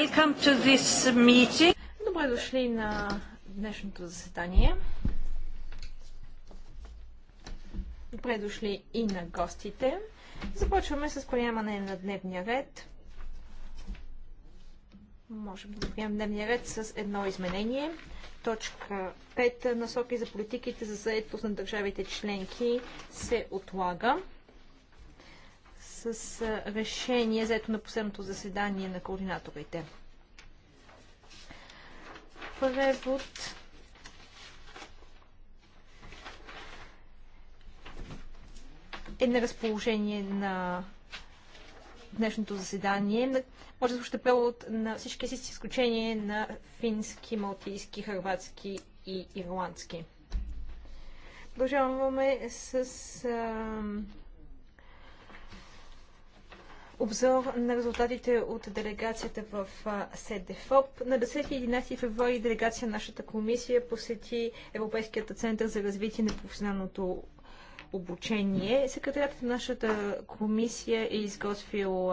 Welcome to this meeting. Добре дошли на днешното заседание. Добре дошли и на гостите. Започваме с приемане на дневния ред. Можем да приемем дневния ред с едно изменение. Точка 5. Насоки за политиките за заедност на държавите членки се отлага с решение, заето на последното заседание на координаторите. Превод е на разположение на днешното заседание. Може да слушате превод на всички си, с изключение на фински, малтийски, хърватски и ирландски. Продължаваме с а, обзор на резултатите от делегацията в СДФОП. На 10 и 11 февруари делегация на нашата комисия посети Европейският център за развитие на професионалното обучение. Секретарят на нашата комисия е изготвил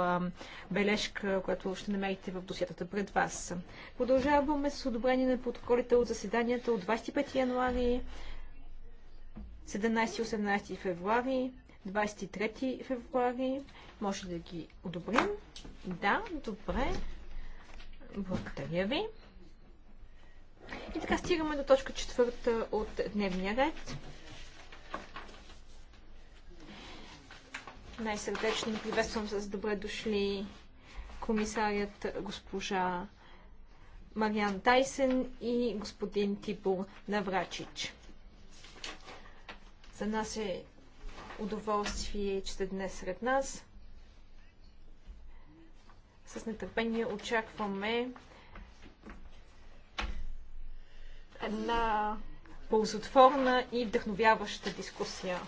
бележка, която ще намерите в досиятата пред вас. Продължаваме с одобрение на протоколите от заседанията от 25 януари, 17-18 февруари, 23 февруари. Може да ги одобрим? Да, добре. Благодаря ви. И така стигаме до точка четвърта от дневния ред. Най-сърдечно приветствам с добре дошли комисарият госпожа Мариан Тайсен и господин Типор Наврачич. За нас е удоволствие, че сте днес сред нас. С нетърпение очакваме една ползотворна и вдъхновяваща дискусия.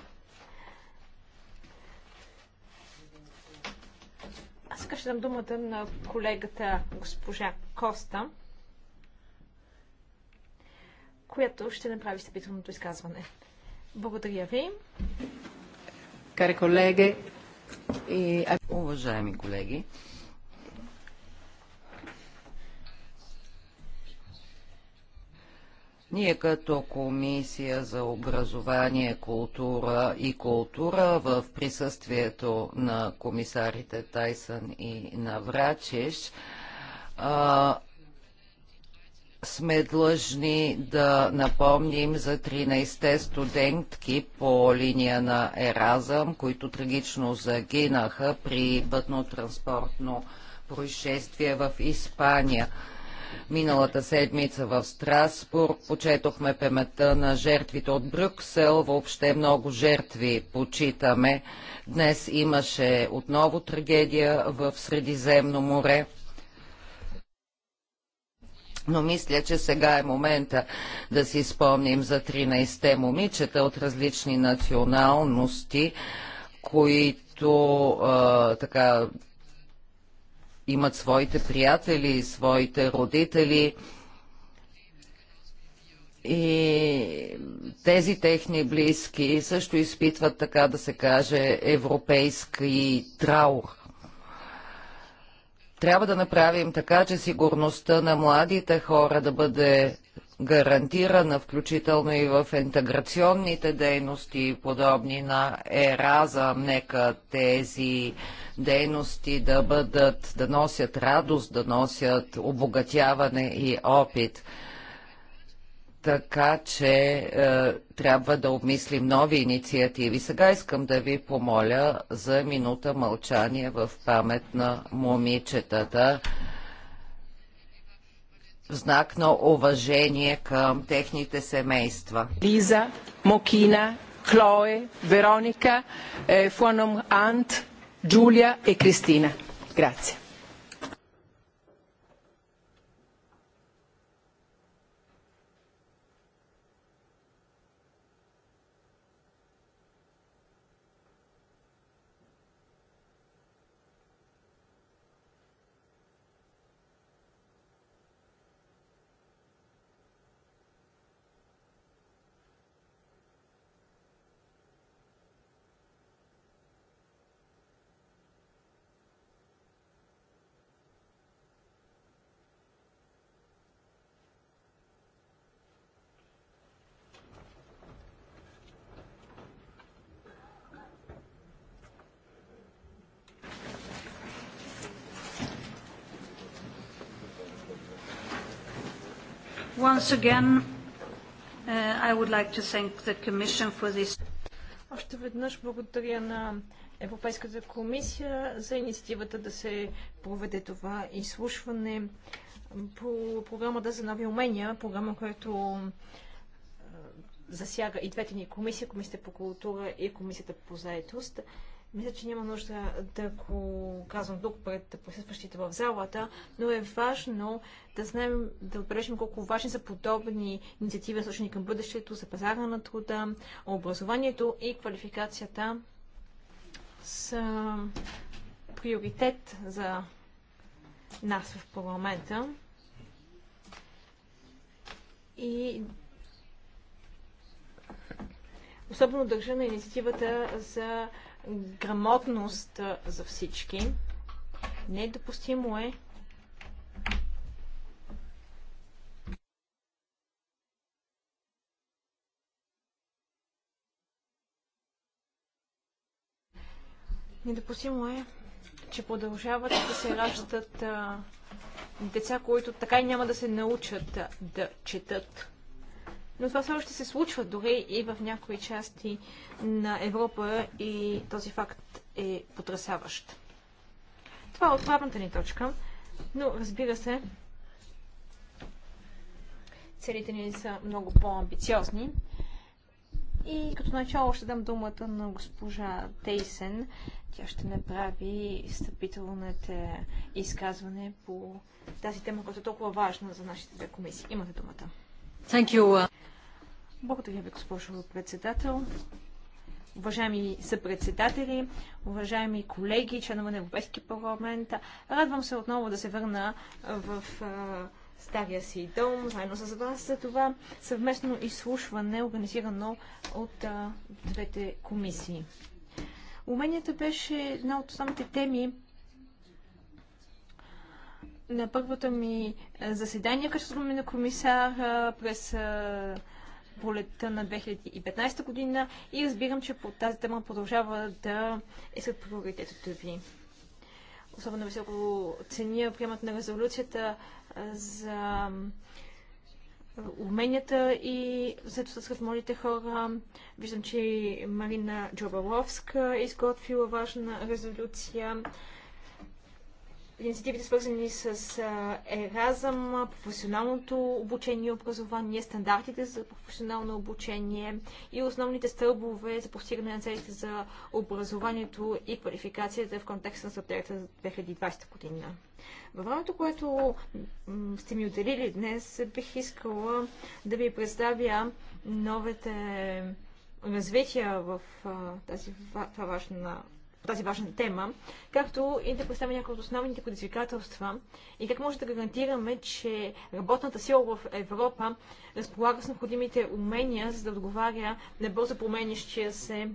Аз сега ще дам думата на колегата госпожа Коста, която ще направи стъпителното изказване. Благодаря ви care колеги. И... E, Уважаеми колеги, Ние като Комисия за образование, култура и култура в присъствието на комисарите Тайсън и Наврачеш сме длъжни да напомним за 13-те студентки по линия на Еразъм, които трагично загинаха при пътно-транспортно происшествие в Испания. Миналата седмица в Страсбург почетохме пемета на жертвите от Брюксел. Въобще много жертви почитаме. Днес имаше отново трагедия в Средиземно море. Но мисля, че сега е момента да си спомним за 13-те момичета от различни националности, които а, така имат своите приятели, своите родители. И тези техни близки също изпитват, така да се каже, европейски траур. Трябва да направим така, че сигурността на младите хора да бъде гарантирана, включително и в интеграционните дейности, подобни на Ераза. Нека тези дейности да бъдат, да носят радост, да носят обогатяване и опит така че е, трябва да обмислим нови инициативи. Сега искам да ви помоля за минута мълчание в памет на момичетата в знак на уважение към техните семейства. Лиза, Мокина, Клое, Вероника, е, Фуаном Ант, Джулия и Кристина. Грация. Once again, uh, I would like to thank the Commission for this. Още веднъж благодаря на Европейската комисия за инициативата да се проведе това изслушване по програмата за нови умения, програма, която засяга и двете ни комисии, Комисията по култура и Комисията по заедост. Мисля, че няма нужда да го казвам тук пред присъстващите в залата, но е важно да знаем, да отбележим колко важни са подобни инициативи, насочени към бъдещето, за пазара на труда, образованието и квалификацията с приоритет за нас в парламента. И особено държа на инициативата за грамотност за всички. Недопустимо е Недопустимо е, че продължават да се раждат а, деца, които така и няма да се научат да четат но това все още се случва дори и в някои части на Европа и този факт е потрясаващ. Това е отправната ни точка, но разбира се, целите ни са много по-амбициозни. И като начало ще дам думата на госпожа Тейсен. Тя ще направи стъпителните изказване по тази тема, която е толкова важна за нашите две комисии. Имате думата. Uh, Благодаря ви, госпожо председател. Уважаеми съпредседатели, уважаеми колеги, членове на Европейски парламент, радвам се отново да се върна в стария си дом, заедно с вас за това съвместно изслушване, организирано от а, двете комисии. Уменията беше една от основните теми на първото ми е, заседание, като на комисар през е, полета на 2015 година и разбирам, че по тази тема продължава да е сред приоритетите ви. Особено високо ценя приемат на резолюцията е, за уменията и заедостта с младите хора. Виждам, че Марина Джобаловска е изготвила важна резолюция инициативите свързани с еразъм, професионалното обучение и образование, стандартите за професионално обучение и основните стълбове за постигане на целите за образованието и квалификацията в контекста на стратегията за 2020 година. Във времето, което сте ми отделили днес, бих искала да ви представя новите развития в тази, това важна тази важна тема, както и да представим някои от основните предизвикателства и как може да гарантираме, че работната сила в Европа разполага с необходимите умения, за да отговаря на бързо променящия се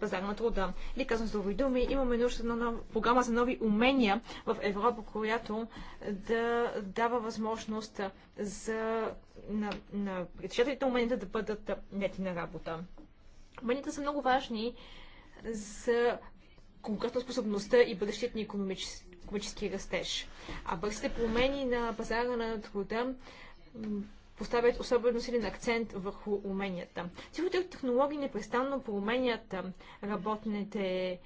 пазар на труда. Или казвам с други думи, имаме нужда на нов... програма за нови умения в Европа, която да дава възможност за, на, на предшествените умения да бъдат нети на работа. Уменията са много важни за конкретно способността и бъдещият ни економически, растеж. А бързите промени на пазара на труда поставят особено силен акцент върху уменията. Цифровите технологии непрестанно променят работните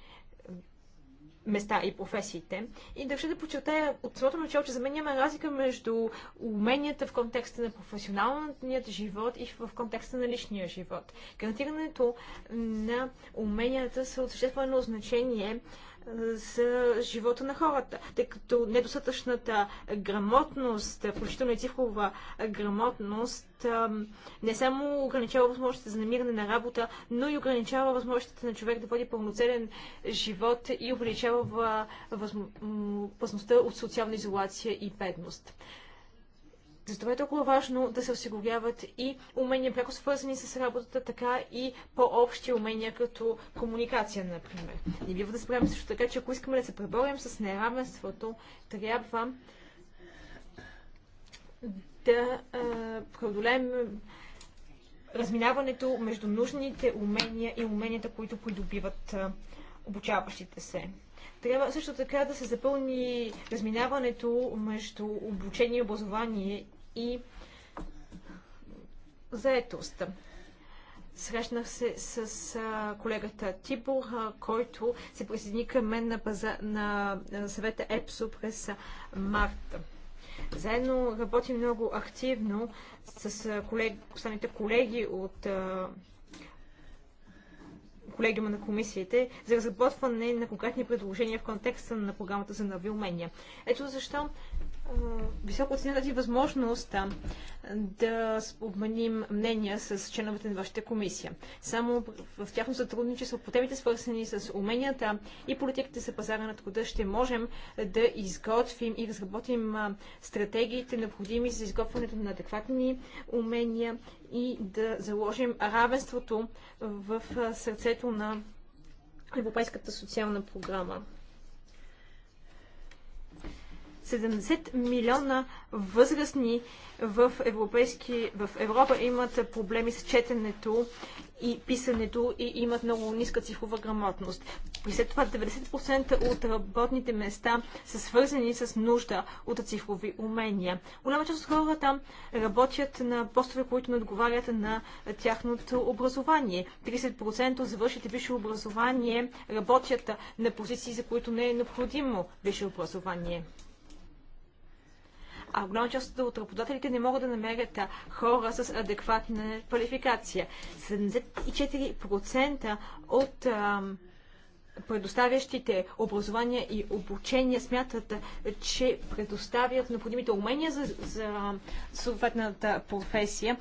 места и професиите. И държа да подчертая от самото начало, че за мен няма разлика между уменията в контекста на професионалният живот и в контекста на личния живот. Гарантирането на уменията са от съществено значение за живота на хората, тъй като недостатъчната грамотност, включително и цифрова грамотност, не само ограничава възможностите за намиране на работа, но и ограничава възможностите на човек да води пълноценен живот и увеличава възможността от социална изолация и бедност. Затова е толкова важно да се осигуряват и умения, пряко свързани с работата, така и по-общи умения, като комуникация, например. Не бива да спрем също така, че ако искаме да се преборим с неравенството, трябва да а, преодолеем разминаването между нужните умения и уменията, които придобиват а, обучаващите се. Трябва също така да се запълни разминаването между обучение и образование и заетост. Срещнах се с колегата Тибор, който се присъедини към мен на, база, на, съвета ЕПСО през март. Заедно работим много активно с колег, останалите колеги от колегиума на комисиите за разработване на конкретни предложения в контекста на програмата за нови умения. Ето защо е, високо оценя тази възможност да обменим мнения с членовете на вашата комисия. Само в тяхно сътрудничество по темите, свързани с уменията и политиките за пазара на труда, ще можем да изготвим и разработим стратегиите, необходими за изготвянето на адекватни умения и да заложим равенството в сърцето на Европейската социална програма. 70 милиона възрастни в, европейски, в Европа имат проблеми с четенето и писането и имат много ниска цифрова грамотност. И след това 90% от работните места са свързани с нужда от цифрови умения. Голяма част от хората работят на постове, които не отговарят на тяхното образование. 30% от завършите висше образование работят на позиции, за които не е необходимо висше образование а голяма част от работодателите не могат да намерят хора с адекватна квалификация. 74% от предоставящите образование и обучение смятат, че предоставят необходимите умения за, за съответната професия,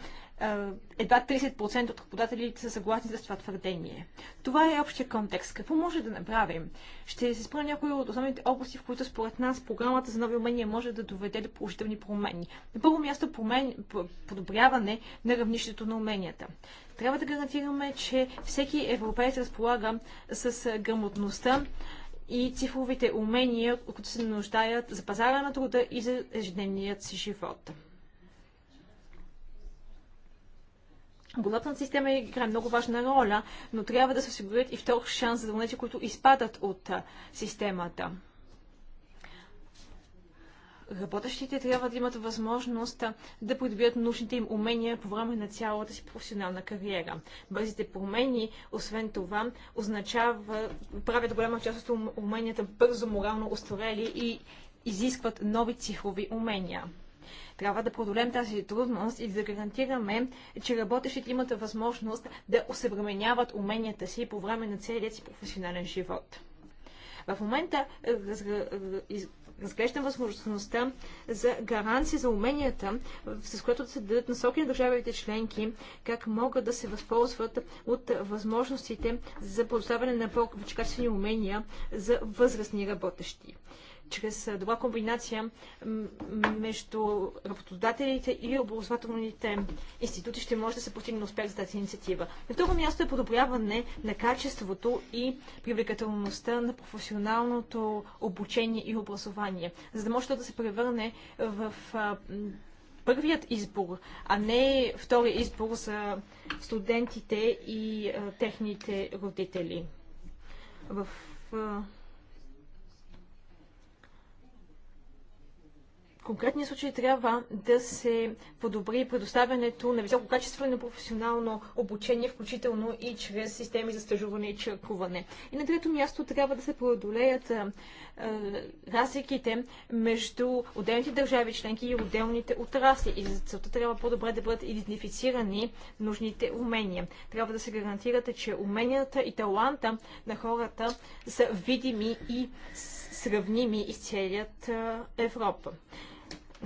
едва 30% от работодателите са съгласни за това твърдение. Това е общия контекст. Какво може да направим? Ще се спра някои от основните области, в които според нас програмата за нови умения може да доведе до положителни промени. На първо място промен... подобряване на равнището на уменията. Трябва да гарантираме, че всеки европеец разполага с грамотността и цифровите умения, които се нуждаят за пазара на труда и за ежедневният си живот. Глобалната система играе много важна роля, но трябва да се осигурят и втор шанс за тези, които изпадат от системата. Работещите трябва да имат възможност да придобият нужните им умения по време на цялата си професионална кариера. Бързите промени, освен това, означава, правят голяма част от уменията бързо морално устарели и изискват нови цифрови умения. Трябва да продолем тази трудност и да гарантираме, че работещите имат възможност да осъвременяват уменията си по време на целият си професионален живот. В момента разглеждам възможността за гаранция за уменията, с което да се дадат насоки на държавите членки, как могат да се възползват от възможностите за предоставяне на по-качествени умения за възрастни работещи чрез добра комбинация между работодателите и образователните институти ще може да се постигне успех за тази инициатива. На второ място е подобряване на качеството и привлекателността на професионалното обучение и образование, за да може да се превърне в първият избор, а не втория избор за студентите и техните родители. В конкретния случай трябва да се подобри предоставянето на високо качество и на професионално обучение, включително и чрез системи за стажуване и чиркуване. И на трето място трябва да се преодолеят разликите между отделните държави членки и отделните отрасли. И за целта трябва по-добре да бъдат идентифицирани нужните умения. Трябва да се гарантирате, че уменията и таланта на хората са видими и сравними из целият Европа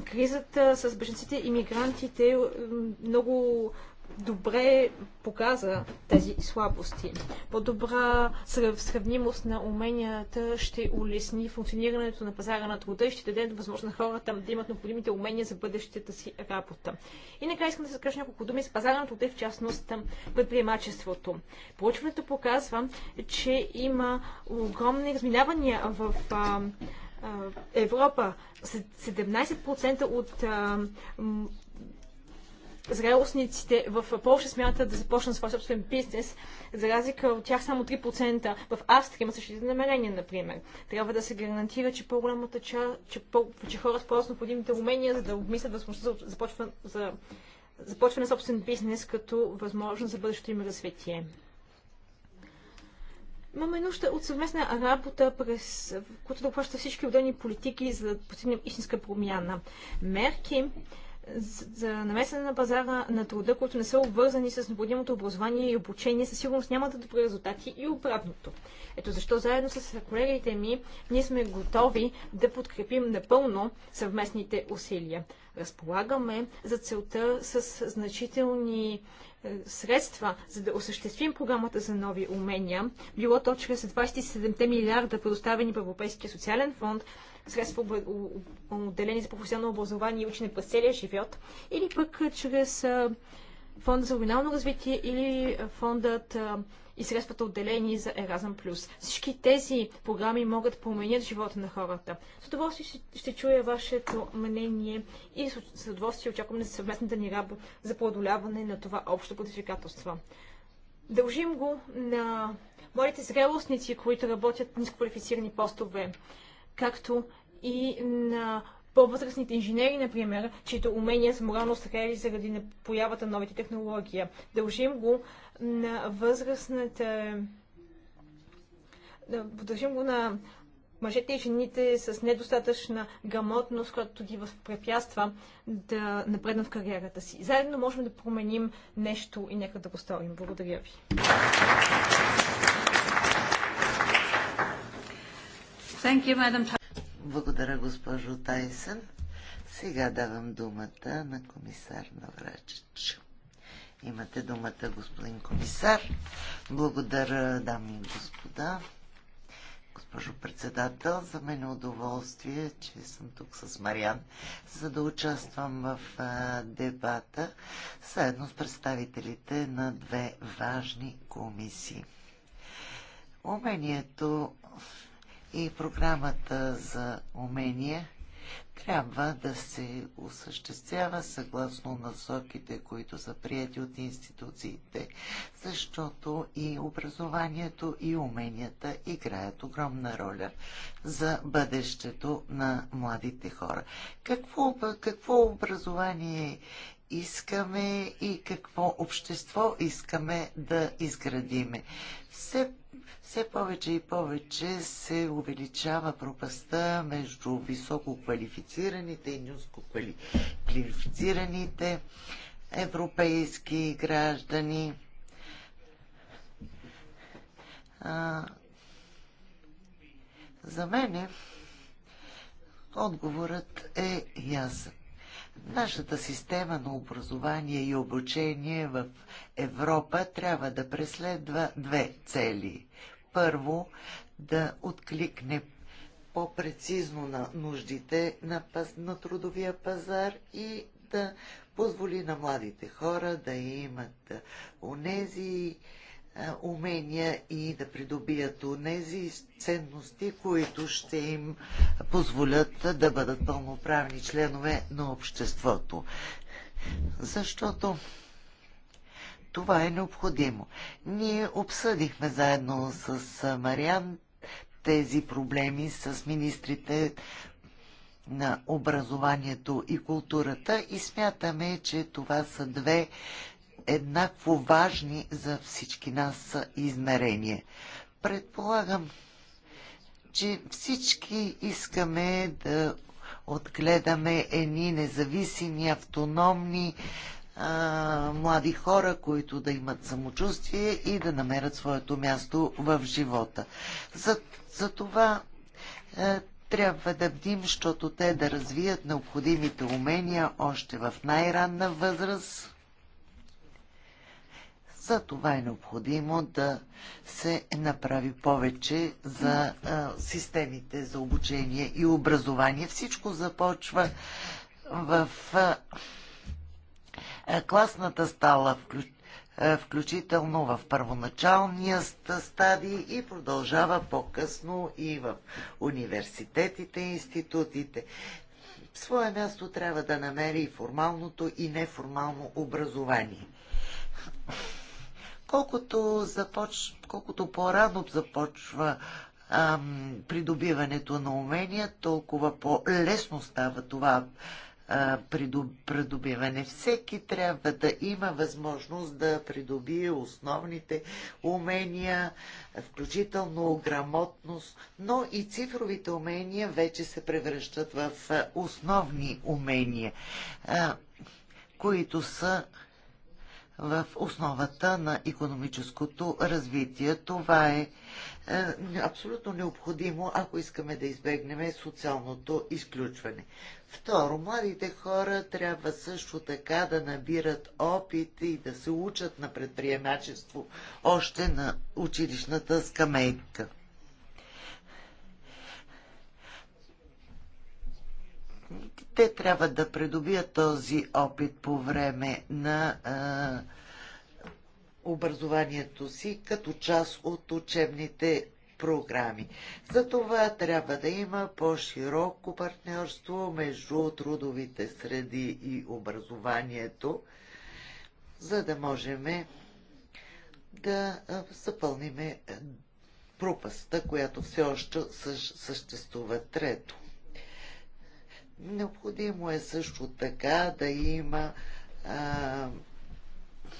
кризата с беженците и мигрантите много добре показа тези слабости. По-добра сравнимост на уменията ще улесни функционирането на пазара на труда и ще даде възможност на хората да имат необходимите умения за бъдещата си работа. И накрая искам да се кажа няколко думи с пазара на труда и в частност предприемачеството. Проучването показва, че има огромни разминавания в Европа. 17% от зрелостниците в Польша смятат да започнат своя собствен бизнес, за разлика от тях само 3% в Австрия има същите намерения, например. Трябва да се гарантира, че по-голямата част, че, по- че хора с необходимите умения, за да обмислят възможността за започване, за започване на собствен бизнес като възможност за бъдещето им развитие. Имаме нужда от съвместна работа, през която да обхваща всички отделни политики, за да постигнем истинска промяна. Мерки, за намесена на пазара на труда, които не са обвързани с необходимото образование и обучение, със сигурност няма да добри резултати и обратното. Ето защо заедно с колегите ми ние сме готови да подкрепим напълно съвместните усилия. Разполагаме за целта с значителни е, средства, за да осъществим програмата за нови умения, било то чрез 27 милиарда, предоставени по Европейския социален фонд, средства отделени за професионално образование и учене през целия живот, или пък е, чрез е, фонда за оригинално развитие или фондът и средствата отделени за Еразъм Плюс. Всички тези програми могат да променят живота на хората. С удоволствие ще, чуя вашето мнение и с удоволствие очакваме за съвместната ни работа за преодоляване на това общо предизвикателство. Дължим го на моите зрелостници, които работят в нискоквалифицирани постове, както и на по-възрастните инженери, например, чието умения са морално стрели заради появата на новите технологии. Дължим го на възрастната... Дължим го на мъжете и жените с недостатъчна грамотност, която ги възпрепятства да напреднат в кариерата си. Заедно можем да променим нещо и нека да го сторим. Благодаря ви. Thank you, Madam благодаря, госпожо Тайсън. Сега давам думата на комисар Наврачич. Имате думата, господин комисар. Благодаря, дами и господа. Госпожо председател, за мен е удоволствие, че съм тук с Мариан, за да участвам в дебата заедно с представителите на две важни комисии. Умението и програмата за умения трябва да се осъществява съгласно насоките, които са прияти от институциите, защото и образованието и уменията играят огромна роля за бъдещето на младите хора. Какво, какво образование искаме и какво общество искаме да изградиме? Все все повече и повече се увеличава пропаста между високо квалифицираните и ниско квалифицираните европейски граждани. А, за мен отговорът е ясен. Нашата система на образование и обучение в Европа трябва да преследва две цели. Първо, да откликне по-прецизно на нуждите на, паз... на трудовия пазар и да позволи на младите хора да имат онези умения и да придобият онези ценности, които ще им позволят да бъдат пълноправни членове на обществото. Защото това е необходимо. Ние обсъдихме заедно с Мариан тези проблеми с министрите на образованието и културата и смятаме, че това са две еднакво важни за всички нас измерения. Предполагам, че всички искаме да отгледаме едни независими, автономни а, млади хора, които да имат самочувствие и да намерят своето място в живота. За, за това а, трябва да бдим, защото те да развият необходимите умения още в най-ранна възраст, за това е необходимо да се направи повече за а, системите за обучение и образование. Всичко започва в а, класната стала, включително включително в първоначалния стадий и продължава по-късно и в университетите институтите. В свое място трябва да намери и формалното и неформално образование. Колкото, започ... Колкото по-рано започва ам, придобиването на умения, толкова по-лесно става това придобиване. Всеки трябва да има възможност да придобие основните умения, включително грамотност, но и цифровите умения вече се превръщат в основни умения, които са в основата на економическото развитие. Това е, е абсолютно необходимо, ако искаме да избегнем социалното изключване. Второ, младите хора трябва също така да набират опит и да се учат на предприемачество още на училищната скамейка. те трябва да придобият този опит по време на а, образованието си като част от учебните програми. За това трябва да има по-широко партньорство между трудовите среди и образованието, за да можем да запълниме пропаста, която все още съществува. Трето. Необходимо е също така да има а,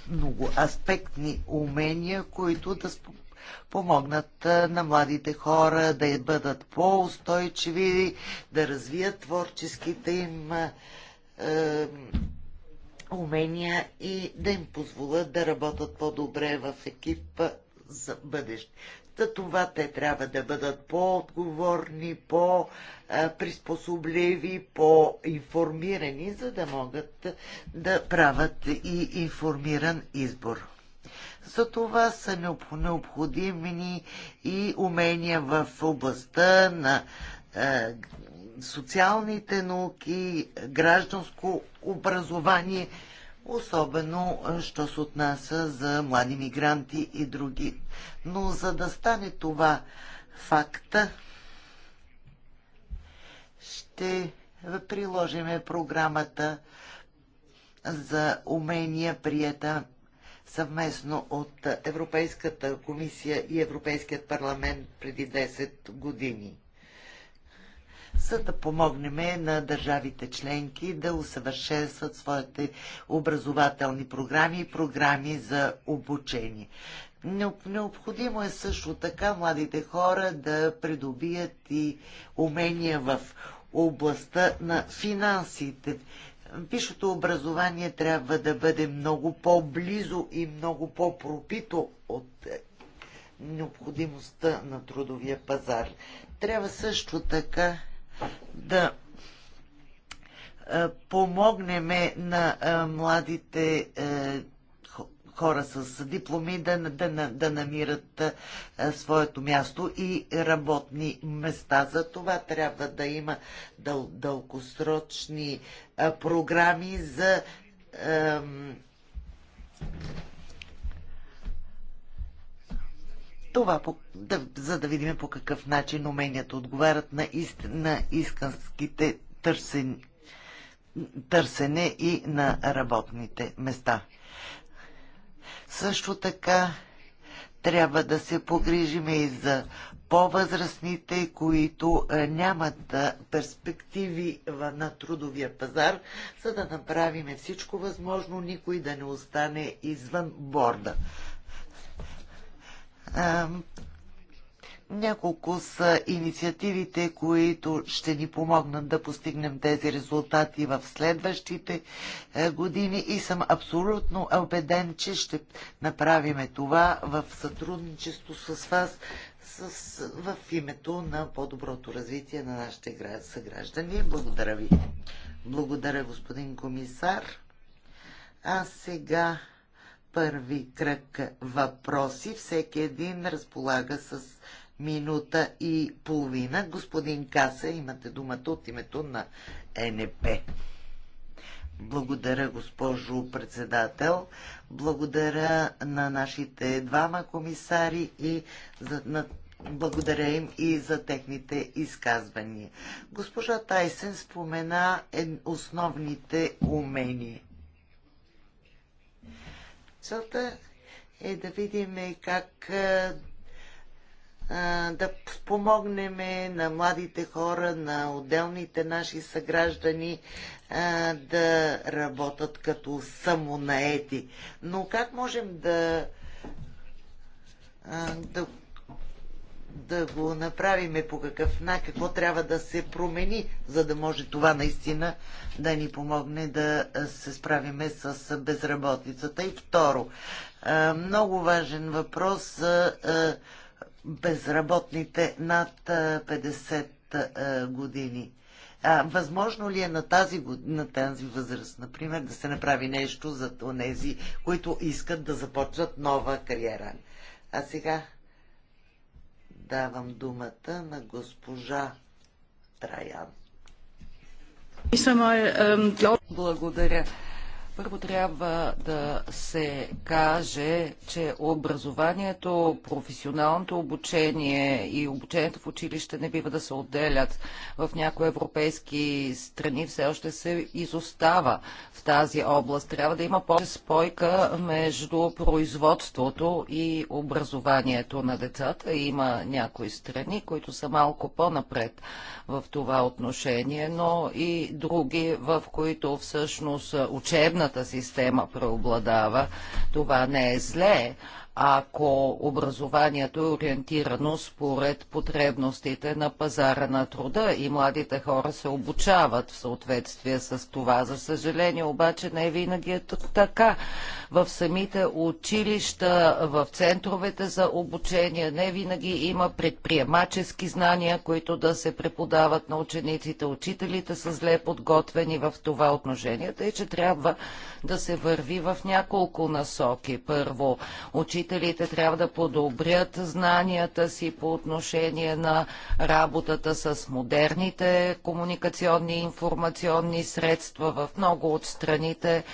много аспектни умения, които да помогнат на младите хора да бъдат по-устойчиви, да развият творческите им а, умения и да им позволят да работят по-добре в екип за бъдеще. За това те трябва да бъдат по-отговорни, по-приспособливи, по-информирани, за да могат да правят и информиран избор. За това са необходими и умения в областта на е, социалните науки, гражданско образование – особено що се отнася за млади мигранти и други. Но за да стане това факта, ще приложиме програмата за умения, прията съвместно от Европейската комисия и Европейският парламент преди 10 години за да помогнем на държавите членки да усъвършенстват своите образователни програми и програми за обучение. Необходимо е също така младите хора да придобият и умения в областта на финансите. Пишото образование трябва да бъде много по-близо и много по-пропито от е, необходимостта на трудовия пазар. Трябва също така да помогнеме на младите хора с дипломи да, да, да намират своето място и работни места. За това трябва да има дъл, дългосрочни програми за това, да, за да видим по какъв начин уменията отговарят на, ист, на исканските търсен, търсене и на работните места. Също така трябва да се погрижим и за по-възрастните, които е, нямат е, перспективи на трудовия пазар, за да направим всичко възможно никой да не остане извън борда. Няколко са инициативите, които ще ни помогнат да постигнем тези резултати в следващите е, години и съм абсолютно убеден, че ще направиме това в сътрудничество с вас с, в името на по-доброто развитие на нашите съграждани. Благодаря ви. Благодаря, господин комисар. А сега първи кръг въпроси. Всеки един разполага с минута и половина. Господин Каса, имате думата от името на НП. Благодаря, госпожо председател. Благодаря на нашите двама комисари и за, на, благодаря им и за техните изказвания. Госпожа Тайсен спомена е, основните умения. Целта е да видим как да помогнем на младите хора, на отделните наши съграждани да работят като самонаети. Но как можем да, да да го направиме по какъв на, какво трябва да се промени, за да може това наистина да ни помогне да се справиме с безработицата. И второ, много важен въпрос за безработните над 50 години. А, възможно ли е на тази, на тази възраст, например, да се направи нещо за тези, които искат да започнат нова кариера? А сега давам думата на госпожа Траян. Е, Благодаря. Първо трябва да се каже, че образованието, професионалното обучение и обучението в училище не бива да се отделят. В някои европейски страни все още се изостава в тази област. Трябва да има повече спойка между производството и образованието на децата. Има някои страни, които са малко по-напред в това отношение, но и други, в които всъщност учебната съдебната система преобладава. Това не е зле, ако образованието е ориентирано според потребностите на пазара на труда и младите хора се обучават в съответствие с това. За съжаление обаче не винаги е така. В самите училища, в центровете за обучение не винаги има предприемачески знания, които да се преподават на учениците. Учителите са зле подготвени в това отношение, тъй че трябва да се върви в няколко насоки. Първо, учителите Учителите трябва да подобрят знанията си по отношение на работата с модерните комуникационни и информационни средства в много от страните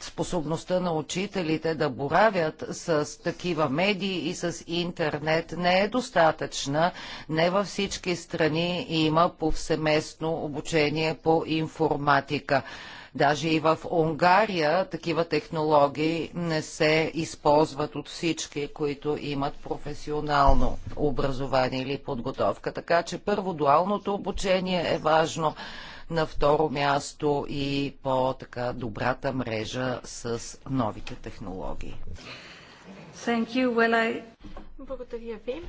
способността на учителите да боравят с такива медии и с интернет не е достатъчна. Не във всички страни има повсеместно обучение по информатика. Даже и в Унгария такива технологии не се използват от всички, които имат професионално образование или подготовка. Така че първо дуалното обучение е важно. На второ място и по-така добрата мрежа с новите технологии. Thank you. Well, I... Благодаря ви.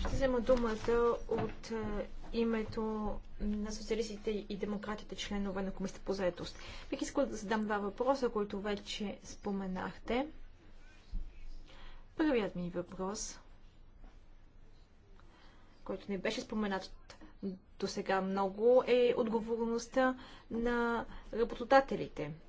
Ще взема думата от е, името на социалистите и демократите, членове на Комисията по заедост. Бих искала да задам два въпроса, които вече споменахте. Първият ми въпрос, който не беше споменат до сега много, е отговорността на работодателите –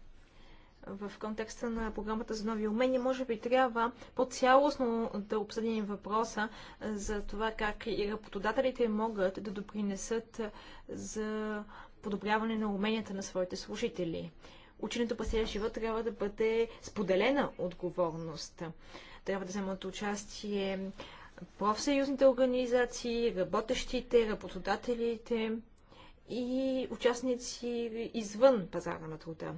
в контекста на програмата за нови умения, може би трябва по-цялостно да обсъдим въпроса за това как и работодателите могат да допринесат за подобряване на уменията на своите служители. Ученето по целия живот трябва да бъде споделена отговорност. Трябва да вземат участие профсъюзните организации, работещите, работодателите и участници извън пазара на труда.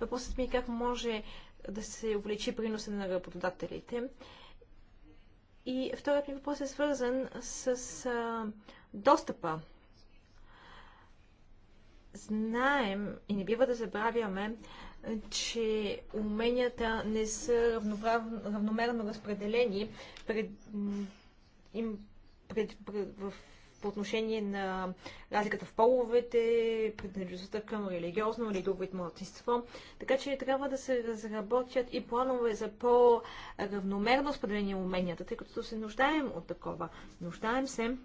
Въпросът ми е как може да се увеличи приноса на работодателите. И вторият ми въпрос е свързан с а, достъпа. Знаем и не бива да забравяме, че уменията не са равноправ... равномерно разпределени пред, им, пред, пред, в по отношение на разликата в половете, принадлежността към религиозно или друго вид младсинство. Така че трябва да се разработят и планове за по-равномерно споделение на уменията, тъй като се нуждаем от такова. Нуждаем се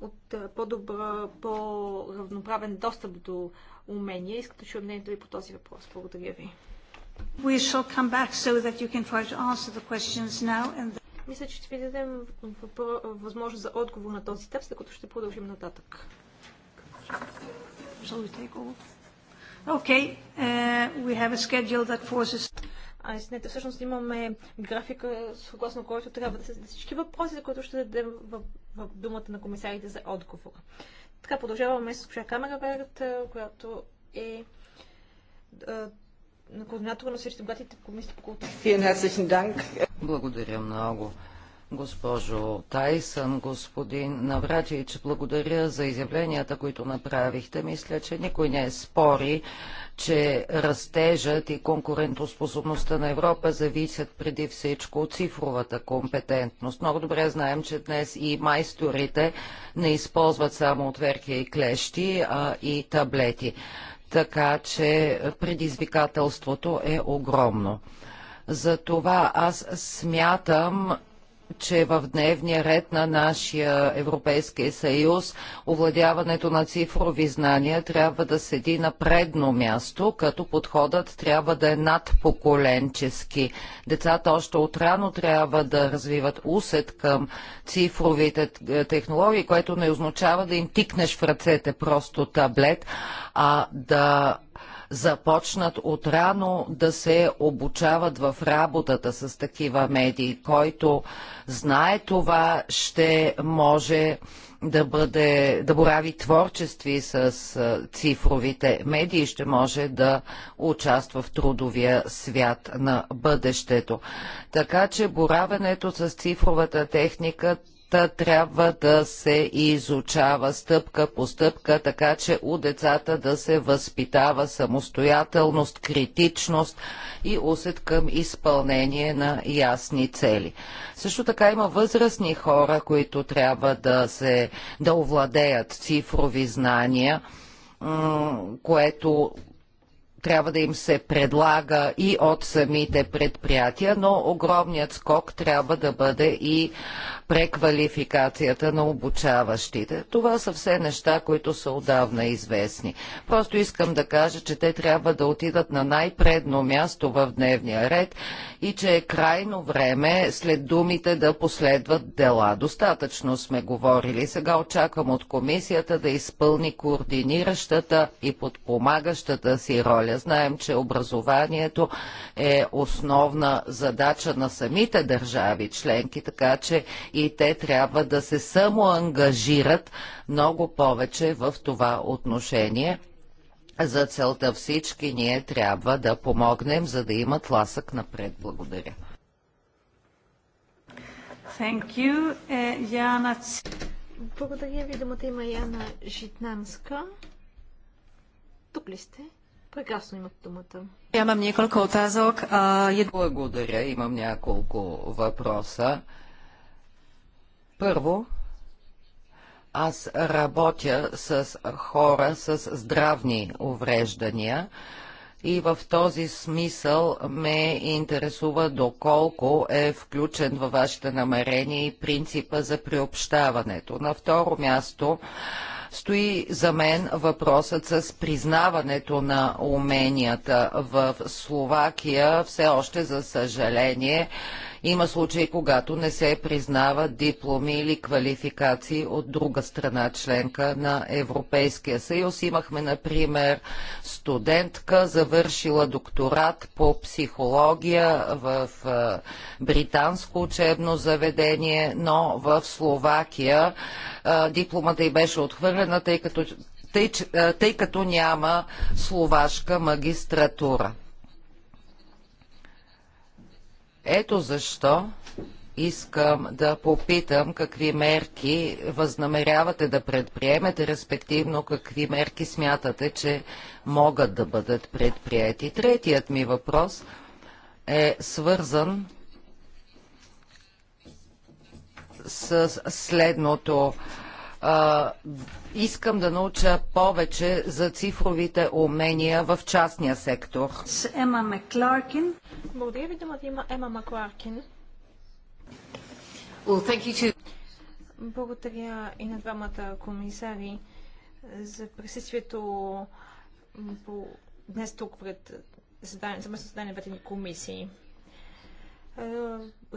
от по-добър, по-равноправен достъп до умения. Искате да чуя мнението и по този въпрос. Благодаря ви. We shall come back so that you can try to answer the questions now and then. Мисля, че ще ви дадем възможност за отговор на този текст, докато като ще продължим нататък. Okay, uh, е, we have a schedule that forces... А, извинете, всъщност имаме графика, съгласно който трябва да се зададат всички въпроси, за които ще дадем в, в думата на комисарите за отговор. Така продължаваме с госпожа Камераверт, е, която е, е на координатора на срещу братите в комисията по култура. Благодаря много, госпожо Тайсън, господин Навратич. Благодаря за изявленията, които направихте. Мисля, че никой не е спори, че растежът и конкурентоспособността на Европа зависят преди всичко от цифровата компетентност. Много добре знаем, че днес и майсторите не използват само отверки и клещи, а и таблети. Така че предизвикателството е огромно. Затова аз смятам, че в дневния ред на нашия Европейския съюз овладяването на цифрови знания трябва да седи на предно място, като подходът трябва да е надпоколенчески. Децата още отрано трябва да развиват усет към цифровите е, технологии, което не означава да им тикнеш в ръцете просто таблет, а да започнат отрано да се обучават в работата с такива медии. Който знае това, ще може да, бъде, да борави творчестви с цифровите медии, ще може да участва в трудовия свят на бъдещето. Така че боравенето с цифровата техника трябва да се изучава стъпка по стъпка, така че у децата да се възпитава самостоятелност, критичност и усет към изпълнение на ясни цели. Също така има възрастни хора, които трябва да, се, да овладеят цифрови знания, което трябва да им се предлага и от самите предприятия, но огромният скок трябва да бъде и преквалификацията на обучаващите. Това са все неща, които са отдавна известни. Просто искам да кажа, че те трябва да отидат на най-предно място в дневния ред и че е крайно време след думите да последват дела. Достатъчно сме говорили. Сега очаквам от комисията да изпълни координиращата и подпомагащата си роля. Знаем, че образованието е основна задача на самите държави членки, така че и те трябва да се самоангажират много повече в това отношение за целта всички ние трябва да помогнем, за да имат ласък напред. Благодаря. Thank you, е, Яна. Благодаря ви, думата има Яна Житнанска. Тук ли сте? Прекрасно имате думата. Имам няколко отазок. Благодаря, имам няколко въпроса. Първо, аз работя с хора с здравни увреждания и в този смисъл ме интересува доколко е включен във вашите намерения и принципа за приобщаването. На второ място стои за мен въпросът с признаването на уменията в Словакия. Все още, за съжаление, има случаи, когато не се признават дипломи или квалификации от друга страна, членка на Европейския съюз. Имахме, например, студентка, завършила докторат по психология в британско учебно заведение, но в Словакия дипломата й беше отхвърлена, тъй като тъй, тъй като няма словашка магистратура. Ето защо искам да попитам какви мерки възнамерявате да предприемете, респективно какви мерки смятате, че могат да бъдат предприяти. Третият ми въпрос е свързан с следното а, искам да науча повече за цифровите умения в частния сектор. С Ема Макларкин. Благодаря ви, думата има Ема Макларкин. Well, Благодаря и на двамата комисари за присъствието по... днес тук пред заседание, съместно заседание на комисии.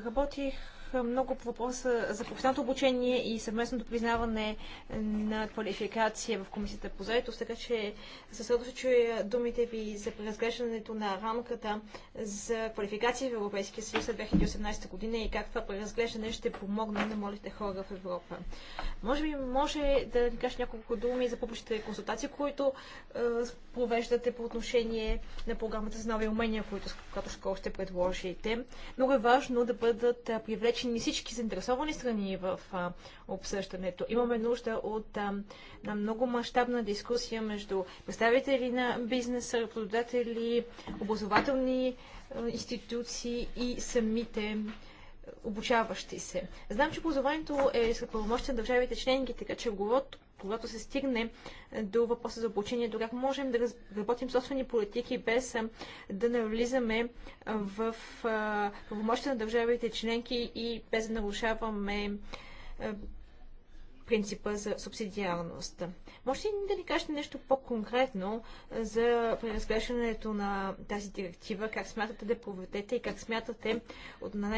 Работих много по въпроса за професионалното обучение и съвместното признаване на квалификация в Комисията по заедост, така че със радост чуя думите ви за преразглеждането на рамката за квалификация в Европейския съюз за 2018 година и как това преразглеждане ще помогне на молите хора в Европа. Може би може да ни кажеш няколко думи за публичните консултации, които е, провеждате по отношение на програмата за нови умения, които, скоро ще предложите. Много е важно да бъдат привлечени включени всички заинтересовани страни в а, обсъждането. Имаме нужда от а, на много мащабна дискусия между представители на бизнеса, работодатели, образователни а, институции и самите а, обучаващи се. Знам, че позованието е с правомощите на държавите членки, така че когато, когато се стигне до въпроса за обучението, как можем да работим собствени политики без да навлизаме в правомощите на държавите членки и без да нарушаваме принципа за субсидиарност. Може ли да ни кажете нещо по-конкретно за преразглеждането на тази директива? Как смятате да проведете и как смятате от на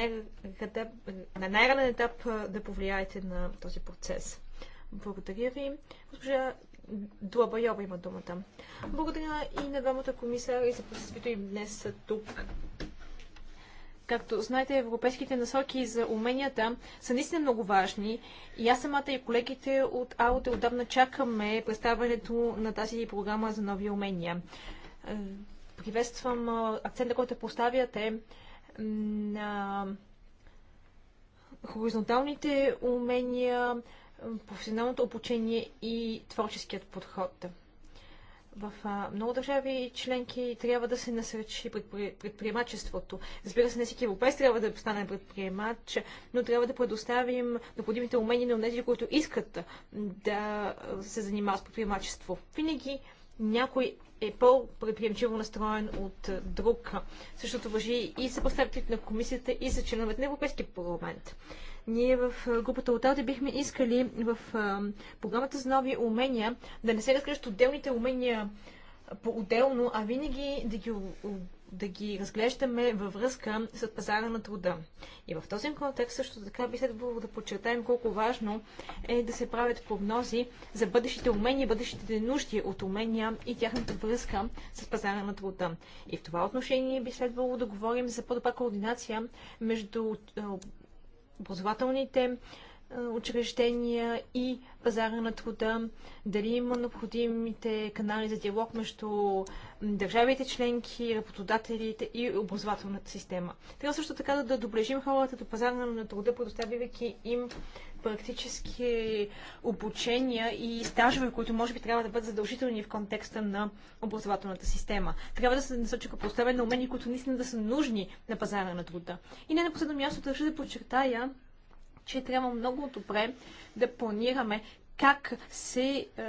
най-ранен най етап да повлияете на този процес? Благодаря ви. Госпожа Йова, има думата. Благодаря и на двамата комисари за присъствието им днес тук Както знаете, европейските насоки за уменията са наистина много важни и аз самата и колегите от АОТ отдавна чакаме представянето на тази програма за нови умения. Е, приветствам акцента, който поставяте на хоризонталните умения, професионалното обучение и творческият подход в много държави и членки трябва да се насърчи предприемачеството. Разбира се, не всеки европейц трябва да стане предприемач, но трябва да предоставим необходимите умения на тези, които искат да се занимават с предприемачество. Винаги някой е по-предприемчиво настроен от друг. Същото въжи и за представителите на комисията и за членовете на Европейския парламент. Ние в групата от Алде бихме искали в програмата за нови умения да не се разглеждат отделните умения по-отделно, а винаги да ги, да ги разглеждаме във връзка с пазара на труда. И в този контекст също така би следвало да подчертаем колко важно е да се правят прогнози за бъдещите умения, бъдещите нужди от умения и тяхната връзка с пазара на труда. И в това отношение би следвало да говорим за по-добра координация между образователните е, учреждения и пазара на труда, дали има необходимите канали за диалог между държавите членки, работодателите и образователната система. Трябва също така да доблежим хората до пазара на труда, предоставяйки им практически обучения и стажове, които може би трябва да бъдат задължителни в контекста на образователната система. Трябва да се насочи към поставяне на умения, които наистина да са нужни на пазара на труда. И не на последно място държа да подчертая, че трябва много добре да планираме как се е,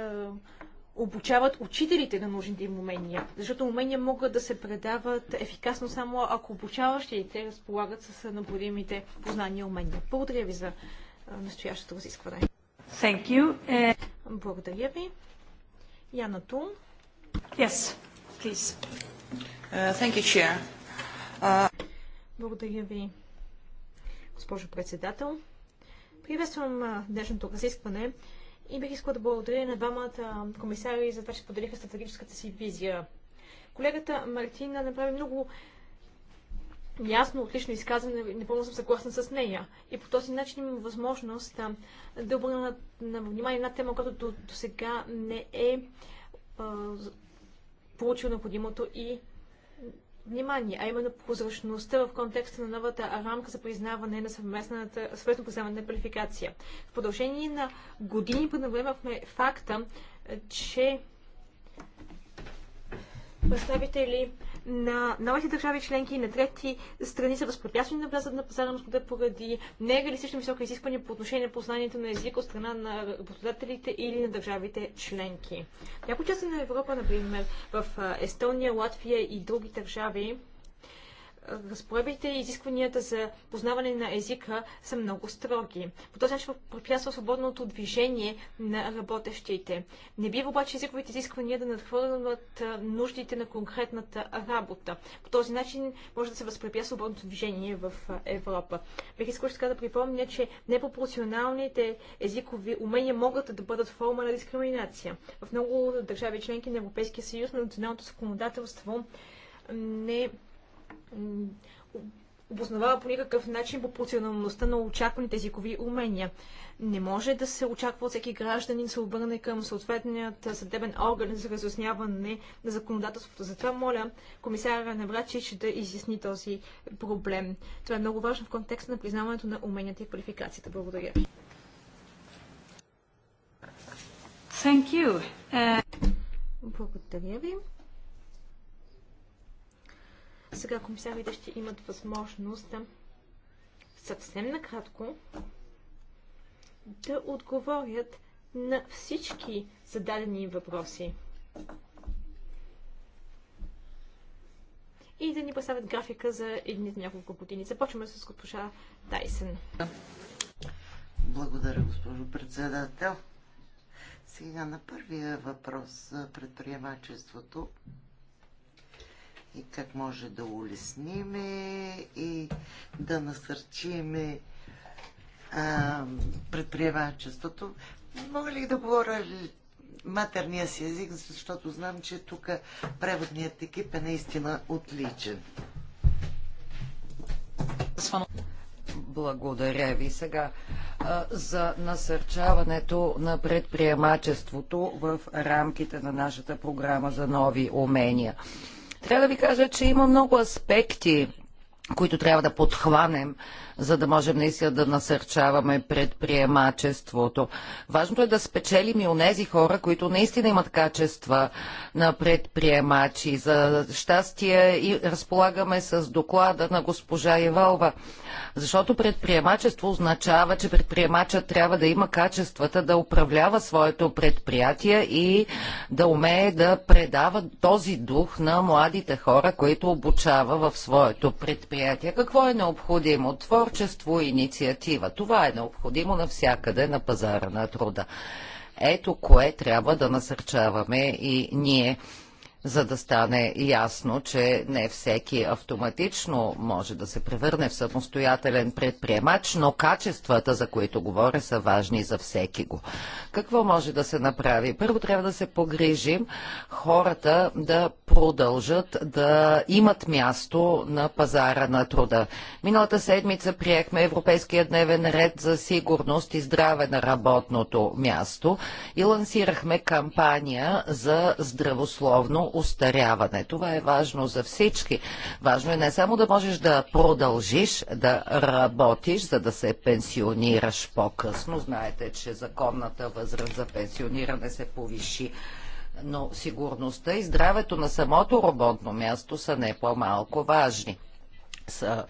обучават учителите на нужните им умения. Защото умения могат да се предават ефикасно само ако обучаващите разполагат с необходимите познания и умения. Благодаря ви за настоящото разискване. Thank you. Е, благодаря ви. Яна Тун. Yes, please. Uh, thank you, Chair. Uh... Благодаря ви, госпожо председател. Приветствам днешното разискване и бих искала да благодаря на двамата комисари за това, че поделиха стратегическата си визия. Колегата Мартина направи много ясно, отлично изказване, непълно съм съгласна с нея. И по този начин имам възможност а, да обърна на, на внимание една тема, която до, до сега не е а, получила необходимото и внимание, а именно прозрачността в контекста на новата рамка за признаване на съвместната, съвместно признаване на квалификация. В продължение на години преднавремахме факта, че представители на новите държави членки и на трети страни са възпрепятствани да влязат на пазара на труда поради нереалистично високи изисквания по отношение на познанието на езика от страна на работодателите или на държавите членки. Някои части на Европа, например, в Естония, Латвия и други държави, разпоредбите и изискванията за познаване на езика са много строги. По този начин препятства свободното движение на работещите. Не бива обаче езиковите изисквания да надхвърлят нуждите на конкретната работа. По този начин може да се възпрепятства свободното движение в Европа. Бих искал така да припомня, че непропорционалните езикови умения могат да бъдат форма на дискриминация. В много държави членки на Европейския съюз на националното законодателство не обосновава по никакъв начин пропорционалността на очакваните езикови умения. Не може да се очаква от всеки гражданин се обърне към съответният съдебен орган за разясняване на законодателството. Затова моля комисаря Навратич да изясни този проблем. Това е много важно в контекста на признаването на уменията и квалификацията. Благодаря Thank you. Uh... Благодаря ви. Сега комисарите ще имат възможност да съвсем накратко да отговорят на всички зададени им въпроси. И да ни представят графика за едните няколко години. Започваме с госпожа Тайсен. Благодаря, госпожо председател. Сега на първия въпрос за предприемачеството и как може да улесниме и да насърчиме предприемачеството. Мога ли да говоря матерния си език, защото знам, че тук преводният екип е наистина отличен. Благодаря ви сега за насърчаването на предприемачеството в рамките на нашата програма за нови умения. Трябва да ви кажа, че има много аспекти които трябва да подхванем, за да можем наистина да насърчаваме предприемачеството. Важното е да спечелим и онези хора, които наистина имат качества на предприемачи. За щастие и разполагаме с доклада на госпожа Евалва, защото предприемачество означава, че предприемача трябва да има качествата да управлява своето предприятие и да умее да предава този дух на младите хора, които обучава в своето предприятие предприятия. Какво е необходимо? Творчество и инициатива. Това е необходимо навсякъде на пазара на труда. Ето кое трябва да насърчаваме и ние за да стане ясно, че не всеки автоматично може да се превърне в самостоятелен предприемач, но качествата, за които говоря, са важни за всеки го. Какво може да се направи? Първо трябва да се погрижим хората да продължат да имат място на пазара на труда. Миналата седмица приехме Европейския дневен ред за сигурност и здраве на работното място и лансирахме кампания за здравословно остаряване. Това е важно за всички. Важно е не само да можеш да продължиш да работиш, за да се пенсионираш по-късно. Знаете, че законната възраст за пенсиониране се повиши но сигурността и здравето на самото работно място са не по-малко важни. Са,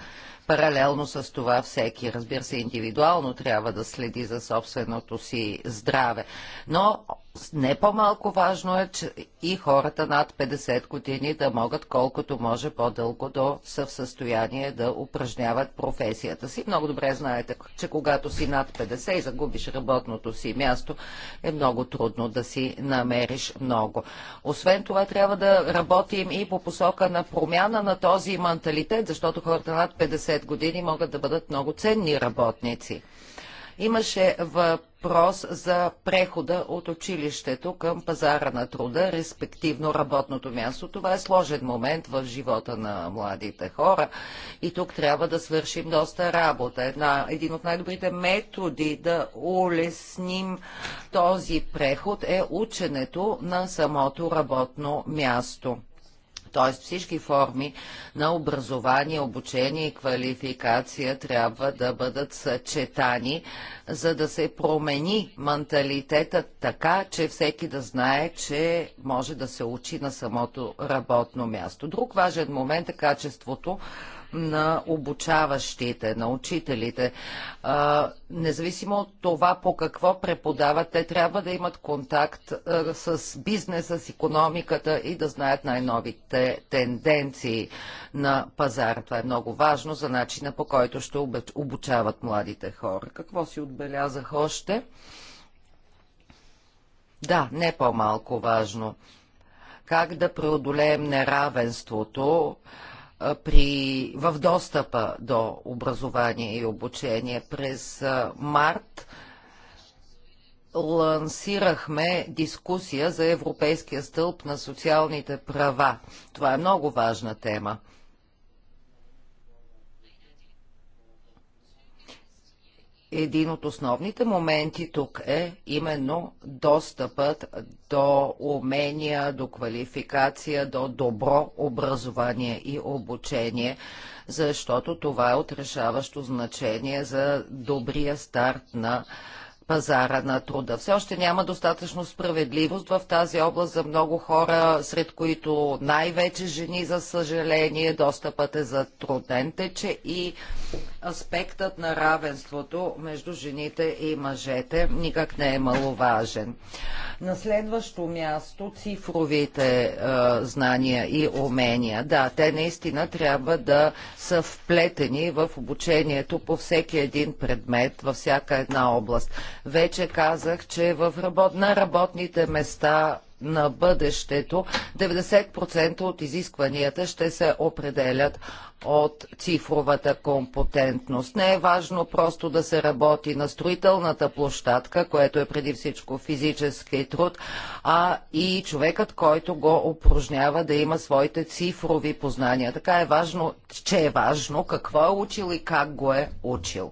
паралелно с това всеки, разбира се, индивидуално трябва да следи за собственото си здраве. Но не по-малко важно е, че и хората над 50 години да могат колкото може по-дълго да са в състояние да упражняват професията си. Много добре знаете, че когато си над 50 и загубиш работното си място, е много трудно да си намериш много. Освен това, трябва да работим и по посока на промяна на този менталитет, защото хората над 50 години могат да бъдат много ценни работници. Имаше въпрос за прехода от училището към пазара на труда, респективно работното място. Това е сложен момент в живота на младите хора и тук трябва да свършим доста работа. Една, един от най-добрите методи да улесним този преход е ученето на самото работно място т.е. всички форми на образование, обучение и квалификация трябва да бъдат съчетани, за да се промени менталитетът така, че всеки да знае, че може да се учи на самото работно място. Друг важен момент е качеството на обучаващите, на учителите. А, независимо от това по какво преподават, те трябва да имат контакт а, с бизнеса, с економиката и да знаят най-новите тенденции на пазара. Това е много важно за начина по който ще обучават младите хора. Какво си отбелязах още? Да, не по-малко важно. Как да преодолеем неравенството, при, в достъпа до образование и обучение. През март лансирахме дискусия за Европейския стълб на социалните права. Това е много важна тема. един от основните моменти тук е именно достъпът до умения, до квалификация, до добро образование и обучение, защото това е отрешаващо значение за добрия старт на пазара на труда. Все още няма достатъчно справедливост в тази област за много хора, сред които най-вече жени, за съжаление, достъпът е затруднен, тече и аспектът на равенството между жените и мъжете никак не е маловажен. На следващо място цифровите е, знания и умения. Да, те наистина трябва да са вплетени в обучението по всеки един предмет, във всяка една област. Вече казах, че в работ... на работните места на бъдещето 90% от изискванията ще се определят от цифровата компетентност. Не е важно просто да се работи на строителната площадка, което е преди всичко физически труд, а и човекът, който го упражнява да има своите цифрови познания. Така е важно, че е важно какво е учил и как го е учил.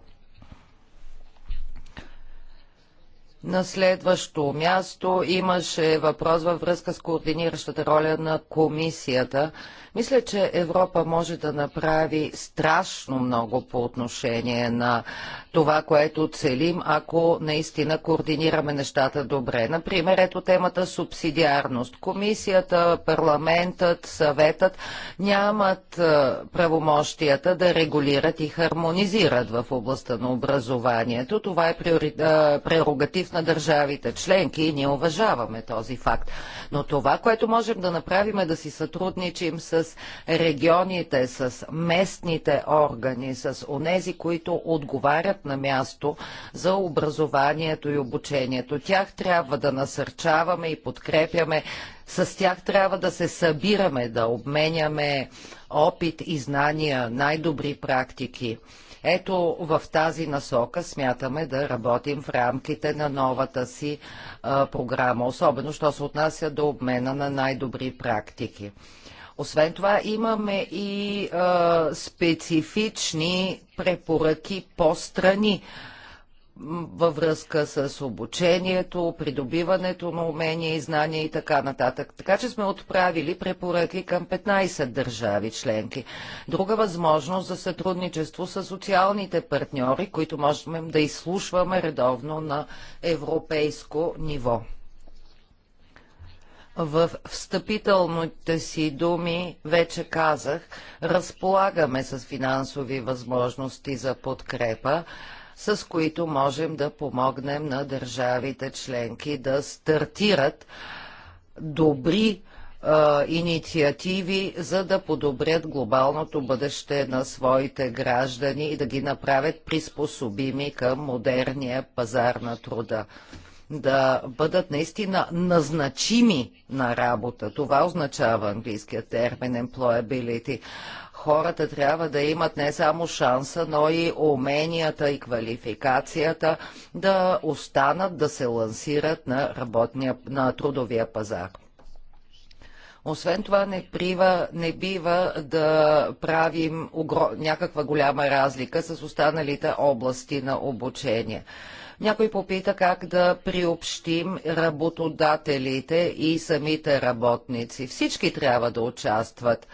На следващо място имаше въпрос във връзка с координиращата роля на комисията мисля, че Европа може да направи страшно много по отношение на това, което целим, ако наистина координираме нещата добре. Например, ето темата субсидиарност. Комисията, парламентът, съветът нямат е, правомощията да регулират и хармонизират в областта на образованието. Това е, е прерогатив на държавите членки и ние уважаваме този факт. Но това, което можем да направим е да си сътрудничим с с регионите, с местните органи, с онези, които отговарят на място за образованието и обучението. Тях трябва да насърчаваме и подкрепяме. С тях трябва да се събираме, да обменяме опит и знания, най-добри практики. Ето в тази насока смятаме да работим в рамките на новата си а, програма, особено що се отнася до обмена на най-добри практики. Освен това имаме и а, специфични препоръки по страни във връзка с обучението, придобиването на умения и знания и така нататък. Така че сме отправили препоръки към 15 държави членки. Друга възможност за сътрудничество с социалните партньори, които можем да изслушваме редовно на европейско ниво. В встъпителните си думи вече казах, разполагаме с финансови възможности за подкрепа, с които можем да помогнем на държавите членки да стартират добри а, инициативи, за да подобрят глобалното бъдеще на своите граждани и да ги направят приспособими към модерния пазар на труда да бъдат наистина назначими на работа. Това означава английският термин employability. Хората трябва да имат не само шанса, но и уменията и квалификацията да останат, да се лансират на, работния, на трудовия пазар. Освен това не, прива, не бива да правим някаква голяма разлика с останалите области на обучение. Някой попита как да приобщим работодателите и самите работници. Всички трябва да участват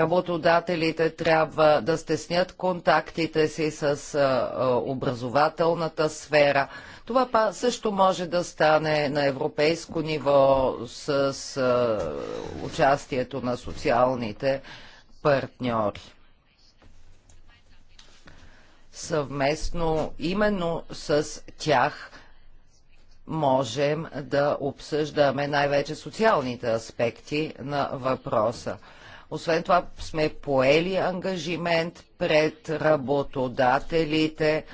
работодателите трябва да стеснят контактите си с образователната сфера. Това също може да стане на европейско ниво с участието на социалните партньори съвместно именно с тях можем да обсъждаме най-вече социалните аспекти на въпроса. Освен това сме поели ангажимент пред работодателите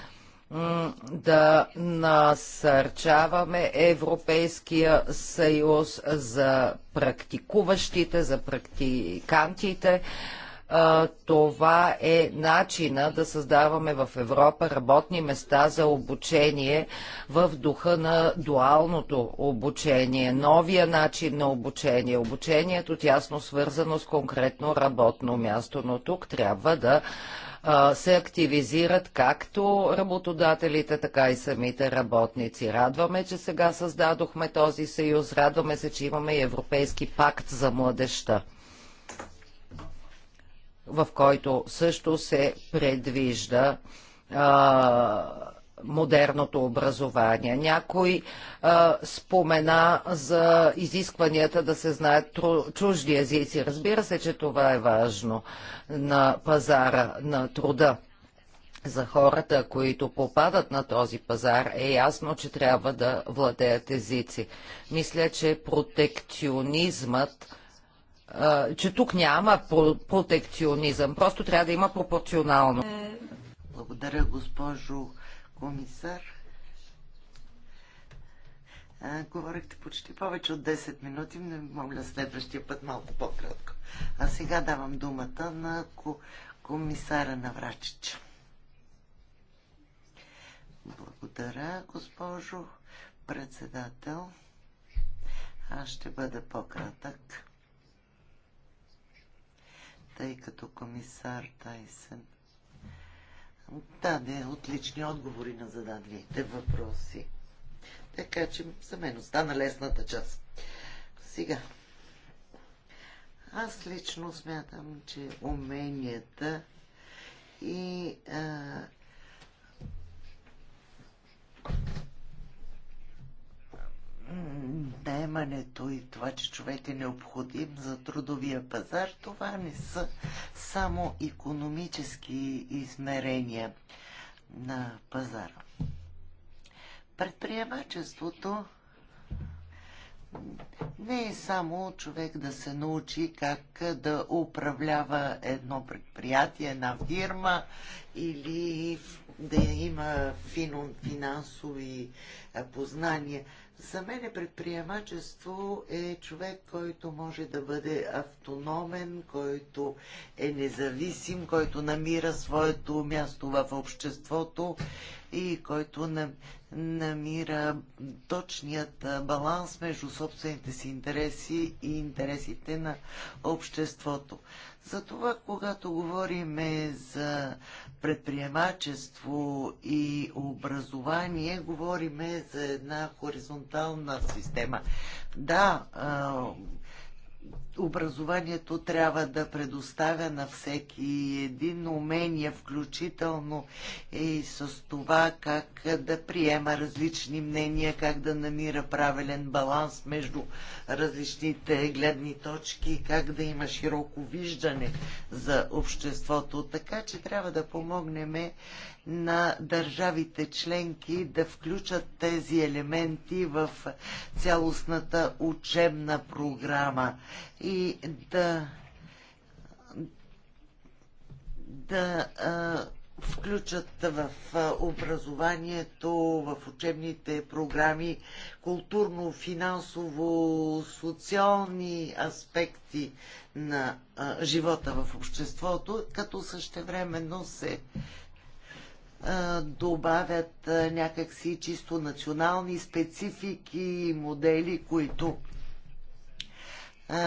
да насърчаваме Европейския съюз за практикуващите, за практикантите а, това е начина да създаваме в Европа работни места за обучение в духа на дуалното обучение, новия начин на обучение, обучението тясно свързано с конкретно работно място, но тук трябва да се активизират както работодателите, така и самите работници. Радваме, че сега създадохме този съюз, радваме се, че имаме и Европейски пакт за младеща в който също се предвижда а, модерното образование. Някой а, спомена за изискванията да се знаят тру, чужди езици. Разбира се, че това е важно на пазара на труда. За хората, които попадат на този пазар, е ясно, че трябва да владеят езици. Мисля, че протекционизмът че тук няма протекционизъм. Просто трябва да има пропорционално. Благодаря, госпожо комисар. говорихте почти повече от 10 минути, не мога, следващия път малко по-кратко. А сега давам думата на комисара Наврачич. Благодаря, госпожо председател. Аз ще бъда по-кратък тъй като комисар Тайсън даде отлични отговори на зададените въпроси. Така че за мен остана лесната част. Сега. Аз лично смятам, че уменията и а, наемането и това, че човек е необходим за трудовия пазар, това не са само економически измерения на пазара. Предприемачеството не е само човек да се научи как да управлява едно предприятие, една фирма или да има финансови познания. За мен е предприемачество е човек, който може да бъде автономен, който е независим, който намира своето място в обществото и който намира точният баланс между собствените си интереси и интересите на обществото. Затова, когато говорим за предприемачество и образование говориме за една хоризонтална система. Да, образованието трябва да предоставя на всеки един умение, включително и с това как да приема различни мнения, как да намира правилен баланс между различните гледни точки, как да има широко виждане за обществото. Така че трябва да помогнем на държавите членки да включат тези елементи в цялостната учебна програма и да да а, включат в образованието, в учебните програми културно, финансово, социални аспекти на а, живота в обществото, като същевременно се добавят някакси чисто национални специфики и модели, които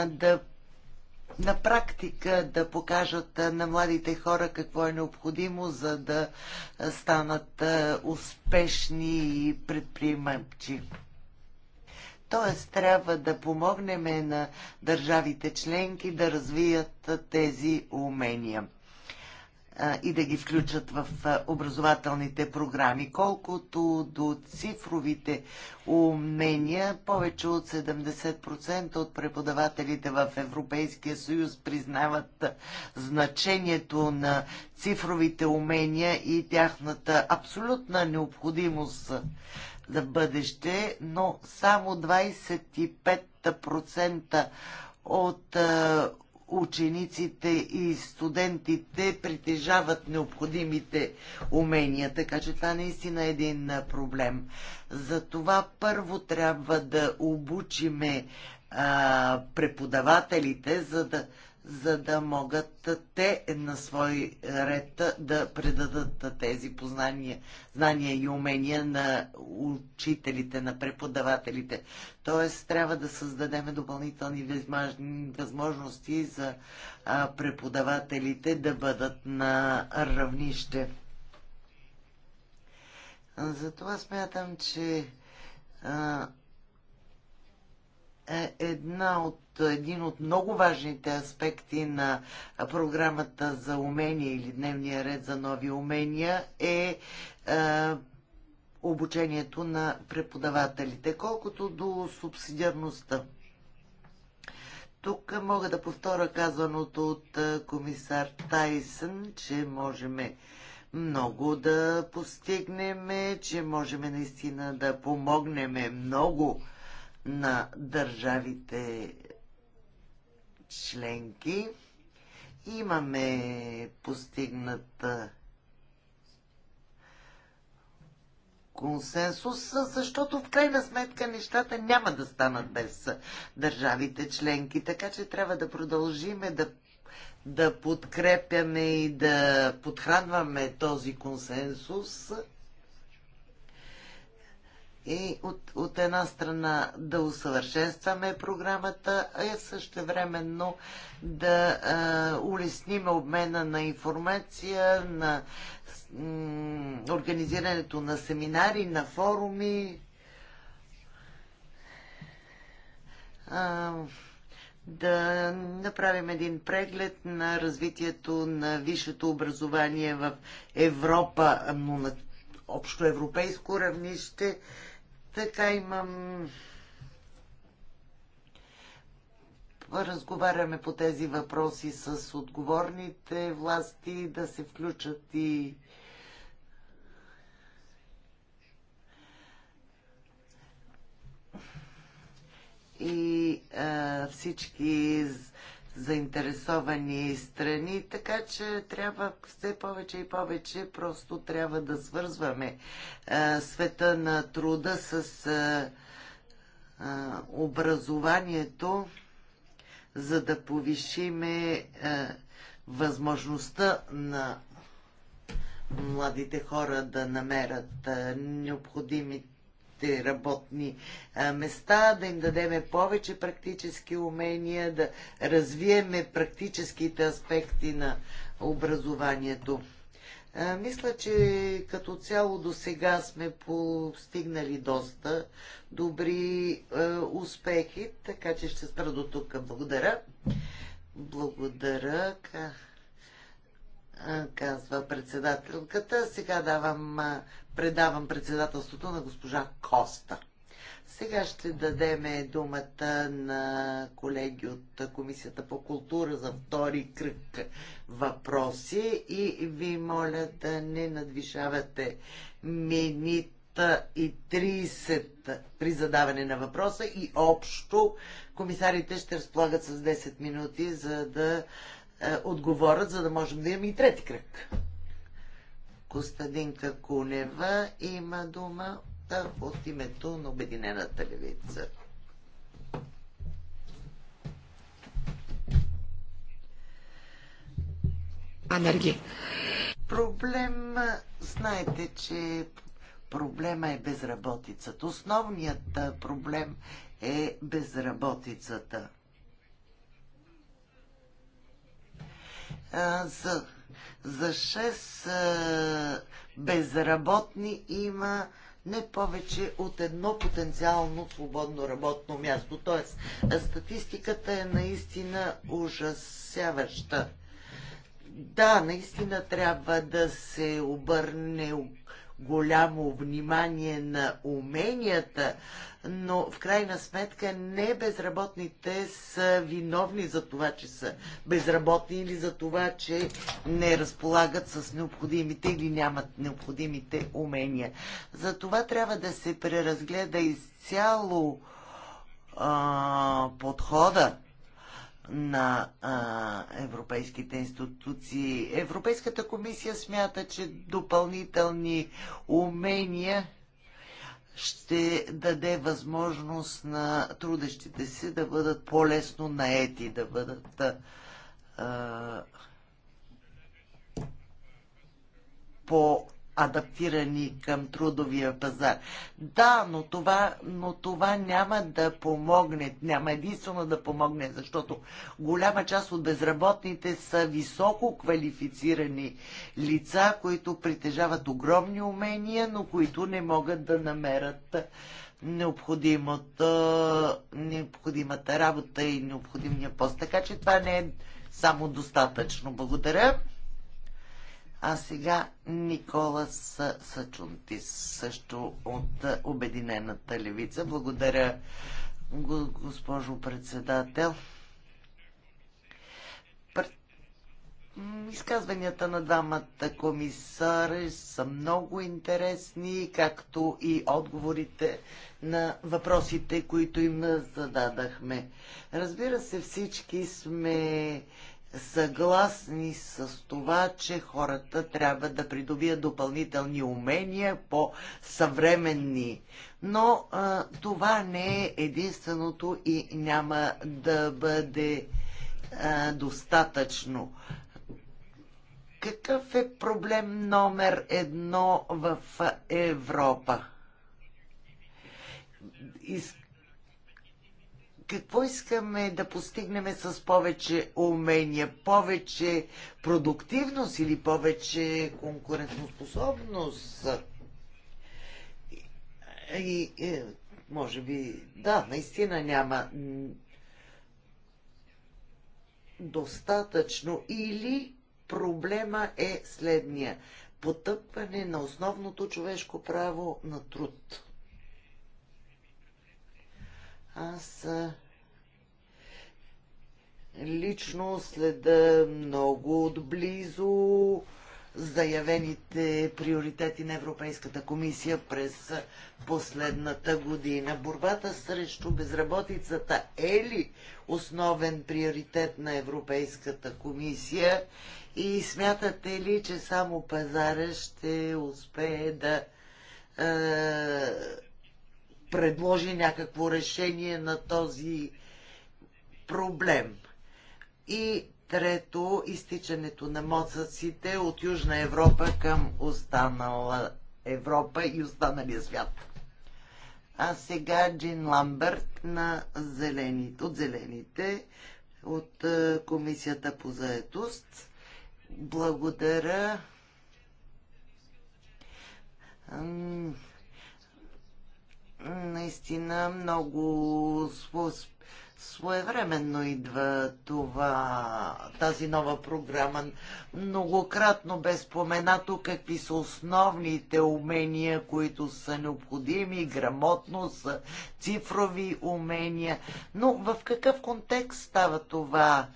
да на практика да покажат на младите хора какво е необходимо, за да станат успешни и предприемачи. Тоест, трябва да помогнем на държавите членки да развият тези умения и да ги включат в образователните програми. Колкото до цифровите умения, повече от 70% от преподавателите в Европейския съюз признават значението на цифровите умения и тяхната абсолютна необходимост за бъдеще, но само 25% от учениците и студентите притежават необходимите умения. Така че това наистина е един проблем. Затова първо трябва да обучиме а, преподавателите, за да, за да могат те на свой ред да предадат тези познания, знания и умения на учителите, на преподавателите. Тоест, трябва да създадем допълнителни възможности за преподавателите да бъдат на равнище. Затова смятам, че е една от, един от много важните аспекти на програмата за умения или дневния ред за нови умения е, е обучението на преподавателите. Колкото до субсидиарността. Тук мога да повторя казаното от е, комисар Тайсън, че можем много да постигнем, че можем наистина да помогнем много на държавите членки. Имаме постигната консенсус, защото в крайна сметка нещата няма да станат без държавите членки. Така че трябва да продължиме да, да подкрепяме и да подхранваме този консенсус и от, от една страна да усъвършенстваме програмата, а също времено да а, улесниме обмена на информация, на м, организирането на семинари, на форуми. А, да направим един преглед на развитието на висшето образование в Европа, но на общо европейско равнище така имам... Разговаряме по тези въпроси с отговорните власти, да се включат и и а, всички заинтересовани страни, така че трябва все повече и повече просто трябва да свързваме а, света на труда с а, а, образованието, за да повишиме а, възможността на младите хора да намерят необходимите новите работни места, да им дадеме повече практически умения, да развиеме практическите аспекти на образованието. Мисля, че като цяло до сега сме постигнали доста добри успехи, така че ще спра до тук. Благодаря. Благодаря, казва председателката. Сега давам предавам председателството на госпожа Коста. Сега ще дадеме думата на колеги от Комисията по култура за втори кръг въпроси и ви моля да не надвишавате минута и 30 при задаване на въпроса и общо комисарите ще разполагат с 10 минути за да е, отговорят, за да можем да имаме и трети кръг. Костадинка Кунева има дума от името на Обединената левица. Анерги. Проблем, знаете, че проблема е безработицата. Основният проблем е безработицата. За за 6 безработни има не повече от едно потенциално свободно работно място. Тоест, статистиката е наистина ужасяваща. Да, наистина трябва да се обърне голямо внимание на уменията, но в крайна сметка не безработните са виновни за това, че са безработни или за това, че не разполагат с необходимите или нямат необходимите умения. За това трябва да се преразгледа изцяло а, подхода на а, европейските институции. Европейската комисия смята, че допълнителни умения ще даде възможност на трудещите си да бъдат по-лесно наети, да бъдат а, по адаптирани към трудовия пазар. Да, но това, но това няма да помогне, няма единствено да помогне, защото голяма част от безработните са високо квалифицирани лица, които притежават огромни умения, но които не могат да намерят необходимата, необходимата работа и необходимия пост. Така че това не е само достатъчно. Благодаря. А сега Никола Сачунтис, също от Обединената левица. Благодаря, госпожо председател. Изказванията на двамата комисари са много интересни, както и отговорите на въпросите, които им зададахме. Разбира се, всички сме съгласни с това, че хората трябва да придобият допълнителни умения по-съвременни. Но а, това не е единственото и няма да бъде а, достатъчно. Какъв е проблем номер едно в Европа? Из какво искаме да постигнем с повече умения, повече продуктивност или повече конкурентоспособност? И, и е, може би, да, наистина няма достатъчно или проблема е следния. Потъпване на основното човешко право на труд. Аз лично следа много отблизо заявените приоритети на Европейската комисия през последната година. Борбата срещу безработицата е ли основен приоритет на Европейската комисия и смятате ли, че само пазара ще успее да е, предложи някакво решение на този проблем. И трето, изтичането на моцаците от Южна Европа към останала Европа и останалия свят. А сега Джин Ламберт на зелените, от зелените, от е, Комисията по заетост. Благодаря наистина много своевременно идва това, тази нова програма. Многократно бе споменато какви са основните умения, които са необходими, грамотност, цифрови умения. Но в какъв контекст става това?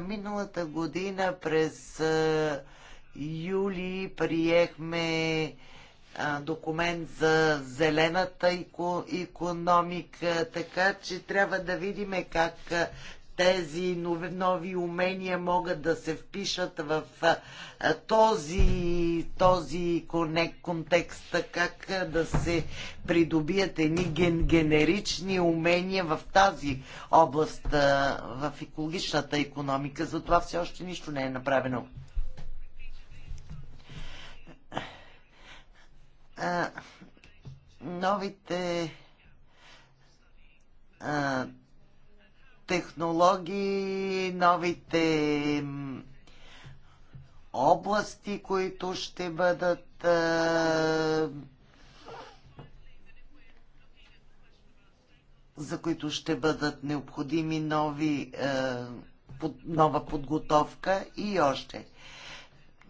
миналата година през юли приехме документ за зелената економика, така че трябва да видим как тези нови, умения могат да се впишат в този, този контекст, как да се придобият едни ген, генерични умения в тази област, в екологичната економика. Затова все още нищо не е направено. а, новите а, технологии, новите области, които ще бъдат а, за които ще бъдат необходими нови, а, под, нова подготовка и още.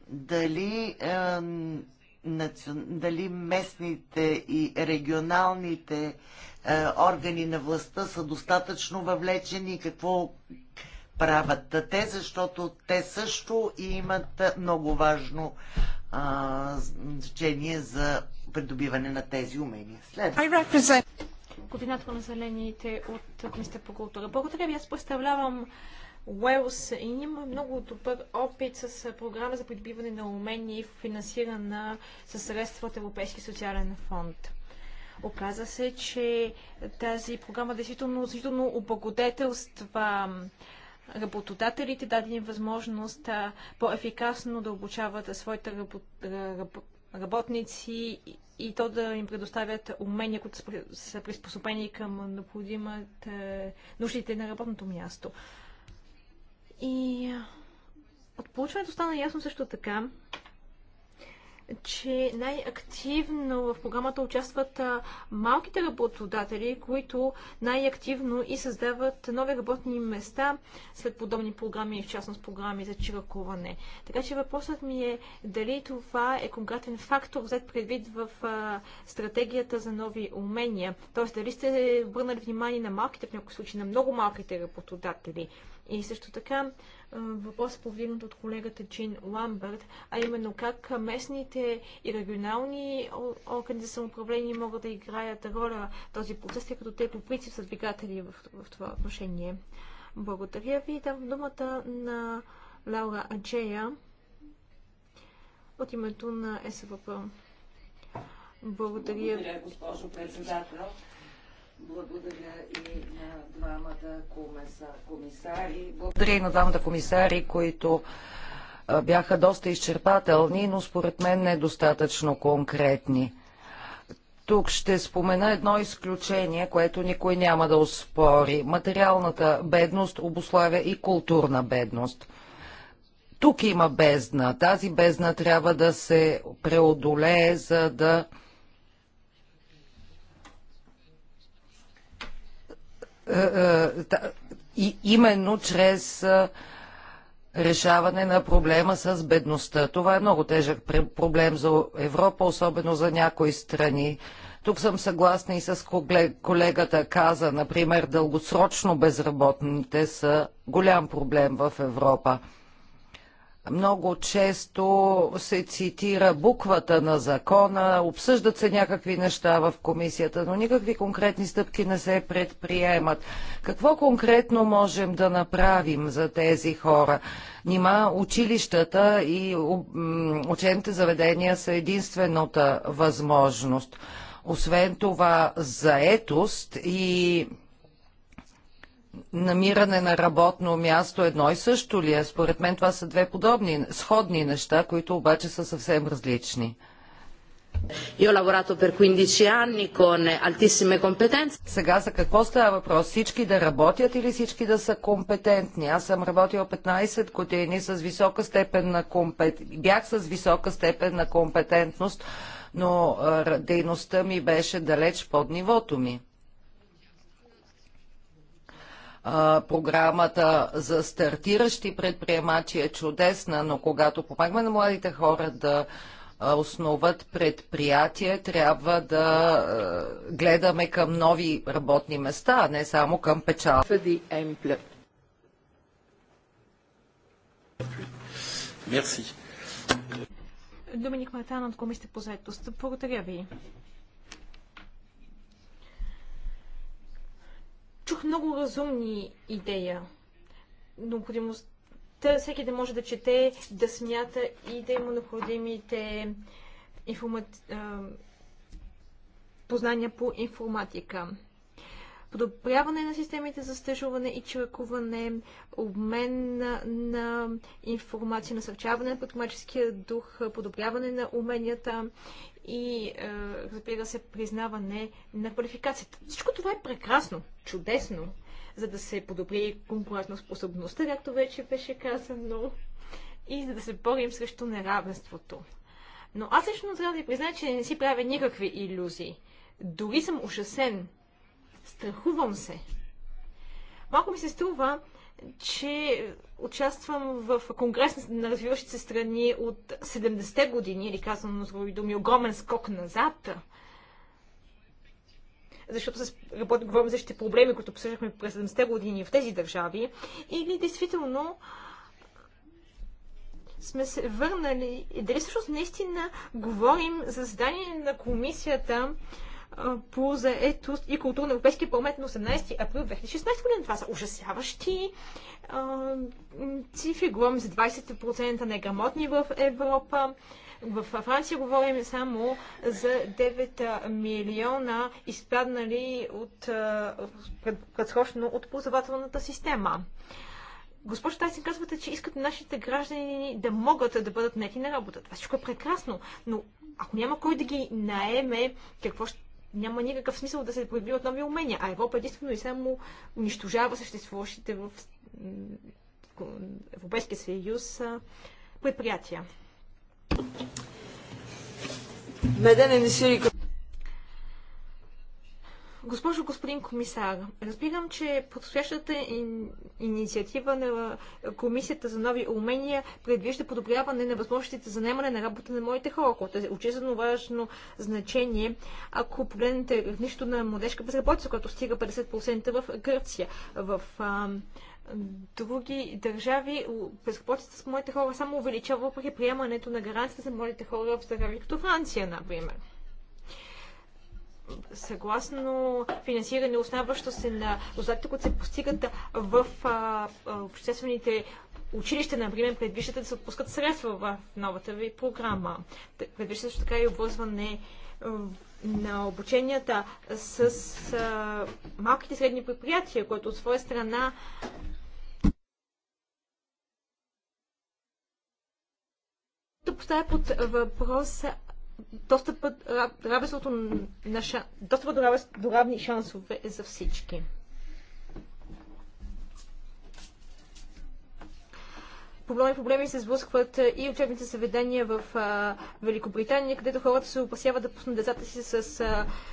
Дали а, дали местните и регионалните е, органи на властта са достатъчно въвлечени, и какво правят те, защото те също имат много важно а, е, значение за придобиване на тези умения. След. Координатор на зелените от Комисията по култура. Благодаря ви. Аз представлявам Уелс има много добър опит с програма за придобиване на умения и финансирана със средства от Европейски социален фонд. Оказа се, че тази програма действително, действително облагодетелства работодателите, даде им възможност по-ефикасно да обучават своите работници и то да им предоставят умения, които са приспособени към необходимите нуждите на работното място. И от получването стана ясно също така, че най-активно в програмата участват малките работодатели, които най-активно и създават нови работни места след подобни програми, в частност програми за чиракуване. Така че въпросът ми е дали това е конкретен фактор взет предвид в стратегията за нови умения. Тоест дали сте обърнали внимание на малките, в някои случаи на много малките работодатели. И също така въпрос е повдигнат от колегата Джин Ламбърт, а именно как местните и регионални органи за самоуправление могат да играят роля в този процес, тъй като те по принцип са двигатели в, в това отношение. Благодаря ви. Дам думата на Лаура Аджея от името на СВП. Благодаря. Благодаря, госпожо председател. Благодаря и на двамата комисари. Благодаря и на двамата комисари, които бяха доста изчерпателни, но според мен недостатъчно конкретни. Тук ще спомена едно изключение, което никой няма да успори. Материалната бедност обославя и културна бедност. Тук има бездна. Тази бездна трябва да се преодолее, за да Е, е, и именно чрез е, решаване на проблема с бедността. Това е много тежък проблем за Европа, особено за някои страни. Тук съм съгласна и с колегата каза, например, дългосрочно безработните са голям проблем в Европа. Много често се цитира буквата на закона, обсъждат се някакви неща в комисията, но никакви конкретни стъпки не се предприемат. Какво конкретно можем да направим за тези хора? Нима училищата и учените заведения са единствената възможност. Освен това, заетост и намиране на работно място едно и също ли е? Според мен това са две подобни, сходни неща, които обаче са съвсем различни. Сега за какво става въпрос? Всички да работят или всички да са компетентни? Аз съм работила 15 години с висока степен на компетентност. бях с висока степен на компетентност, но дейността ми беше далеч под нивото ми програмата за стартиращи предприемачи е чудесна, но когато помагаме на младите хора да основат предприятие, трябва да гледаме към нови работни места, а не само към печал. Доминик Мартан от Комисията по заедостта. Благодаря ви. чух много разумни идеи. Необходимостта всеки да може да чете, да смята и да има необходимите информати... познания по информатика. Подобряване на системите за стъжуване и чиракуване, обмен на, на информация, насърчаване на предпринимаческия дух, подобряване на уменията и е, разбира се признаване на квалификацията. Всичко това е прекрасно, чудесно, за да се подобри конкурентоспособността, както вече беше казано, и за да се борим срещу неравенството. Но аз лично трябва да ви призная, че не си правя никакви иллюзии. Дори съм ужасен. Страхувам се. Малко ми се струва, че участвам в конгрес на развиващите се страни от 70-те години, или казвам на други думи, огромен скок назад. Защото с работим, говорим за същите проблеми, които обсъждахме през 70-те години в тези държави. Или действително сме се върнали. Дали всъщност наистина говорим за задание на комисията, по заетост и култура на Европейския парламент на 18 април 2016 година. Това са ужасяващи цифри. Говорим за 20% неграмотни в Европа. В Франция говорим само за 9 милиона изпаднали от, пред, предсрочно от ползвателната система. Госпожо Тайсен, казвате, че искат нашите граждани да могат да бъдат нети на работа. Това всичко е прекрасно, но ако няма кой да ги наеме, какво ще няма никакъв смисъл да се придобиват нови умения, а Европа единствено и само унищожава съществуващите в Европейския съюз предприятия. Меден е Госпожо господин комисар, разбирам, че подстоящата инициатива на Комисията за нови умения предвижда подобряване на възможностите за наемане на работа на моите хора, което е очевидно важно значение, ако погледнете нищо на младежка безработица, която стига 50% в Гърция. В а, други държави безработицата с моите хора само увеличава въпреки приемането на гаранцията за моите хора в държави като Франция, например съгласно финансиране, основаващо се на резултатите, които се постигат в а, обществените училища, например, предвиждате да се отпускат средства в новата ви програма. Предвиждате също така и обвързване на обученията с а, малките и средни предприятия, което от своя страна да поставя под въпрос достъпът, равенството на, достъпът до, равен, до равни шансове е за всички. подобни проблеми се сблъскват и учебните съведения в Великобритания, където хората се опасяват да пуснат децата си с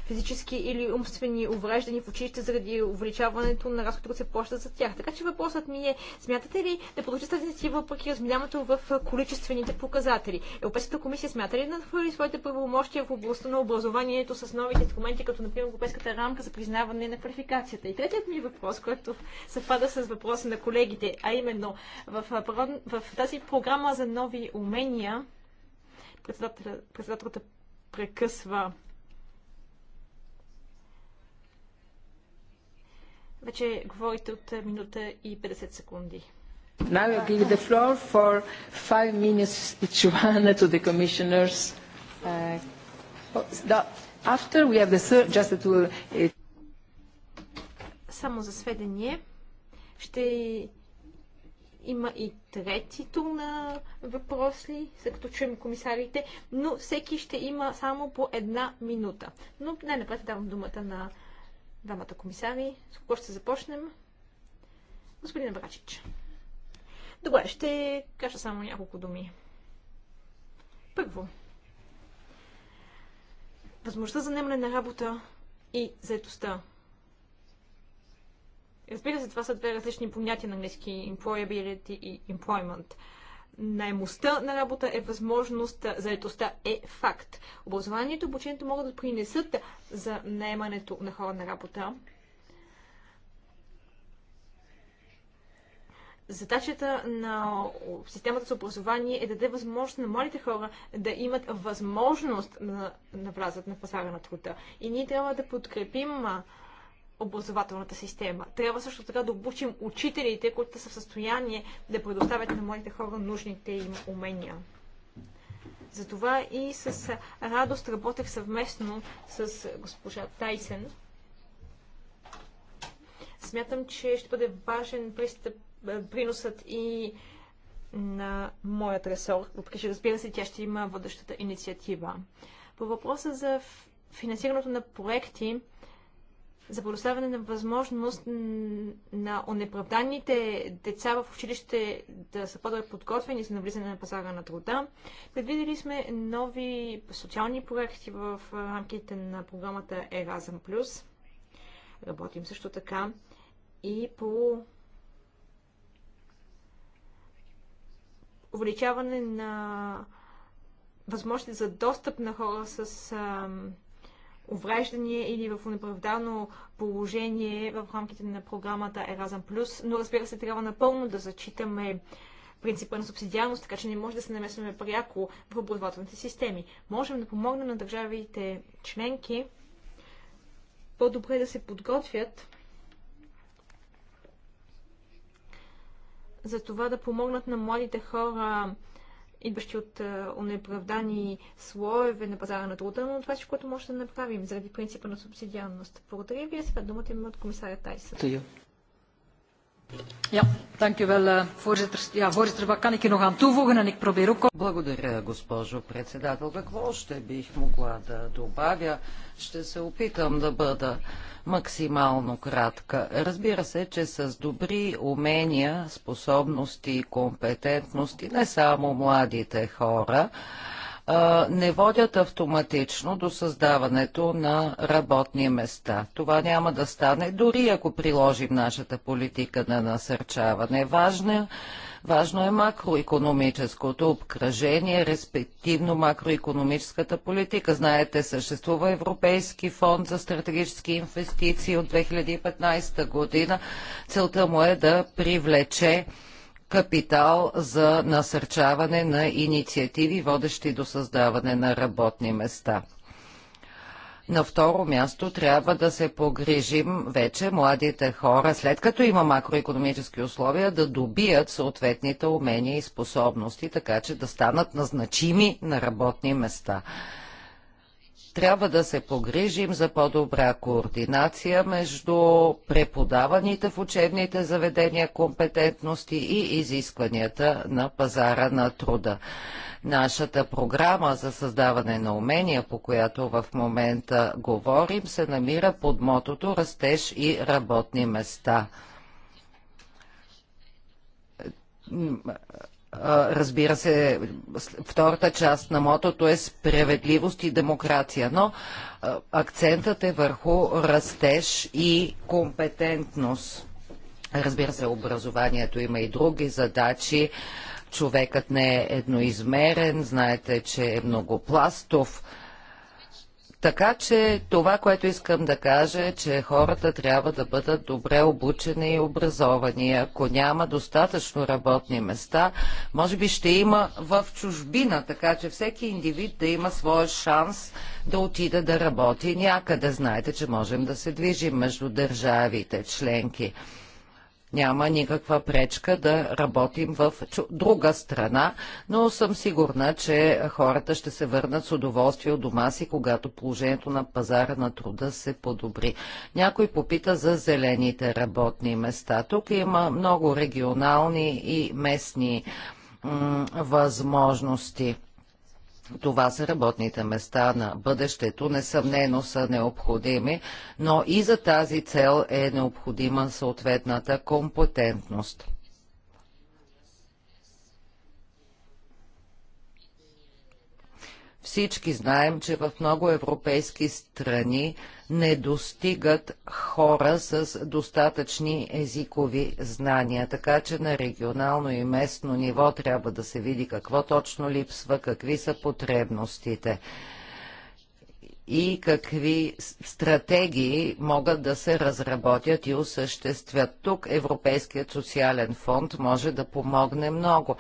физически или умствени увреждания в училище заради увеличаването на разходите, които се плащат за тях. Така че въпросът ми е, смятате ли да продължи тази инициатива въпреки разминаването в количествените показатели? Европейската комисия смята ли да надхвърли своите правомощия в областта на образованието с новите инструменти, като например Европейската рамка за признаване на квалификацията? И третият ми въпрос, който съвпада с въпроса на колегите, а именно в, в тази програма за нови умения председателката прекъсва Вече говорите от минута и 50 секунди. Now I give the floor for five minutes each one to the commissioners. Uh, oh, after we have the third, just to... Uh, Само за сведение, ще има и трети тул на въпроси, след като чуем комисарите, но всеки ще има само по една минута. Но най-напред давам думата на двамата комисари. С кого ще започнем? Господин Брачич, Добре, ще кажа само няколко думи. Първо, възможността за немане на работа и заетостта Разбира се, това са две различни понятия на английски employability и employment. Наемостта на работа е възможност, заедостта е факт. Образованието и обучението могат да принесат за наемането на хора на работа. Задачата на системата за образование е да даде възможност на младите хора да имат възможност да на, навлязат на пазара на труда. И ние трябва да подкрепим образователната система. Трябва също така да обучим учителите, които са в състояние да предоставят на моите хора нужните им умения. Затова и с радост работех съвместно с госпожа Тайсен. Смятам, че ще бъде важен пристъп, е, приносът и на моят ресор, въпреки че разбира се, тя ще има водещата инициатива. По въпроса за финансирането на проекти, за предоставяне на възможност на онеправданите деца в училище да са по-подготвени добре за навлизане на пазара на труда. Предвидели сме нови социални проекти в рамките на програмата Erasm+. Плюс. Работим също така и по увеличаване на възможности за достъп на хора с увреждания или в неправдано положение в рамките на програмата Еразъм Плюс, но разбира се, трябва напълно да зачитаме принципа на субсидиарност, така че не може да се намесваме пряко в образователните системи. Можем да помогнем на държавите членки по-добре да се подготвят за това да помогнат на младите хора идващи от е, онеправдани слоеве на пазара на труда, но това е, което може да направим заради принципа на субсидиарност. Благодаря ви. Сега думата има от комисаря Тайсън. Благодаря, госпожо председател. Какво още бих могла да добавя? Ще се опитам да бъда максимално кратка. Разбира се, че с добри умения, способности и компетентности не само младите хора, не водят автоматично до създаването на работни места. Това няма да стане, дори ако приложим нашата политика на насърчаване. Важно, важно е макроекономическото обкръжение, респективно макроекономическата политика. Знаете, съществува Европейски фонд за стратегически инвестиции от 2015 година. Целта му е да привлече капитал за насърчаване на инициативи, водещи до създаване на работни места. На второ място трябва да се погрижим вече младите хора, след като има макроекономически условия, да добият съответните умения и способности, така че да станат назначими на работни места трябва да се погрижим за по-добра координация между преподаваните в учебните заведения компетентности и изискванията на пазара на труда. Нашата програма за създаване на умения, по която в момента говорим, се намира под мотото Растеж и работни места разбира се, втората част на мотото е справедливост и демокрация, но акцентът е върху растеж и компетентност. Разбира се, образованието има и други задачи. Човекът не е едноизмерен, знаете, че е многопластов така че това, което искам да кажа е, че хората трябва да бъдат добре обучени и образовани. Ако няма достатъчно работни места, може би ще има в чужбина, така че всеки индивид да има своя шанс да отида да работи някъде. Знаете, че можем да се движим между държавите членки няма никаква пречка да работим в друга страна, но съм сигурна, че хората ще се върнат с удоволствие от дома си, когато положението на пазара на труда се подобри. Някой попита за зелените работни места. Тук има много регионални и местни възможности. Това са работните места на бъдещето, несъмнено са необходими, но и за тази цел е необходима съответната компетентност. Всички знаем, че в много европейски страни не достигат хора с достатъчни езикови знания. Така че на регионално и местно ниво трябва да се види какво точно липсва, какви са потребностите и какви стратегии могат да се разработят и осъществят. Тук Европейският социален фонд може да помогне много.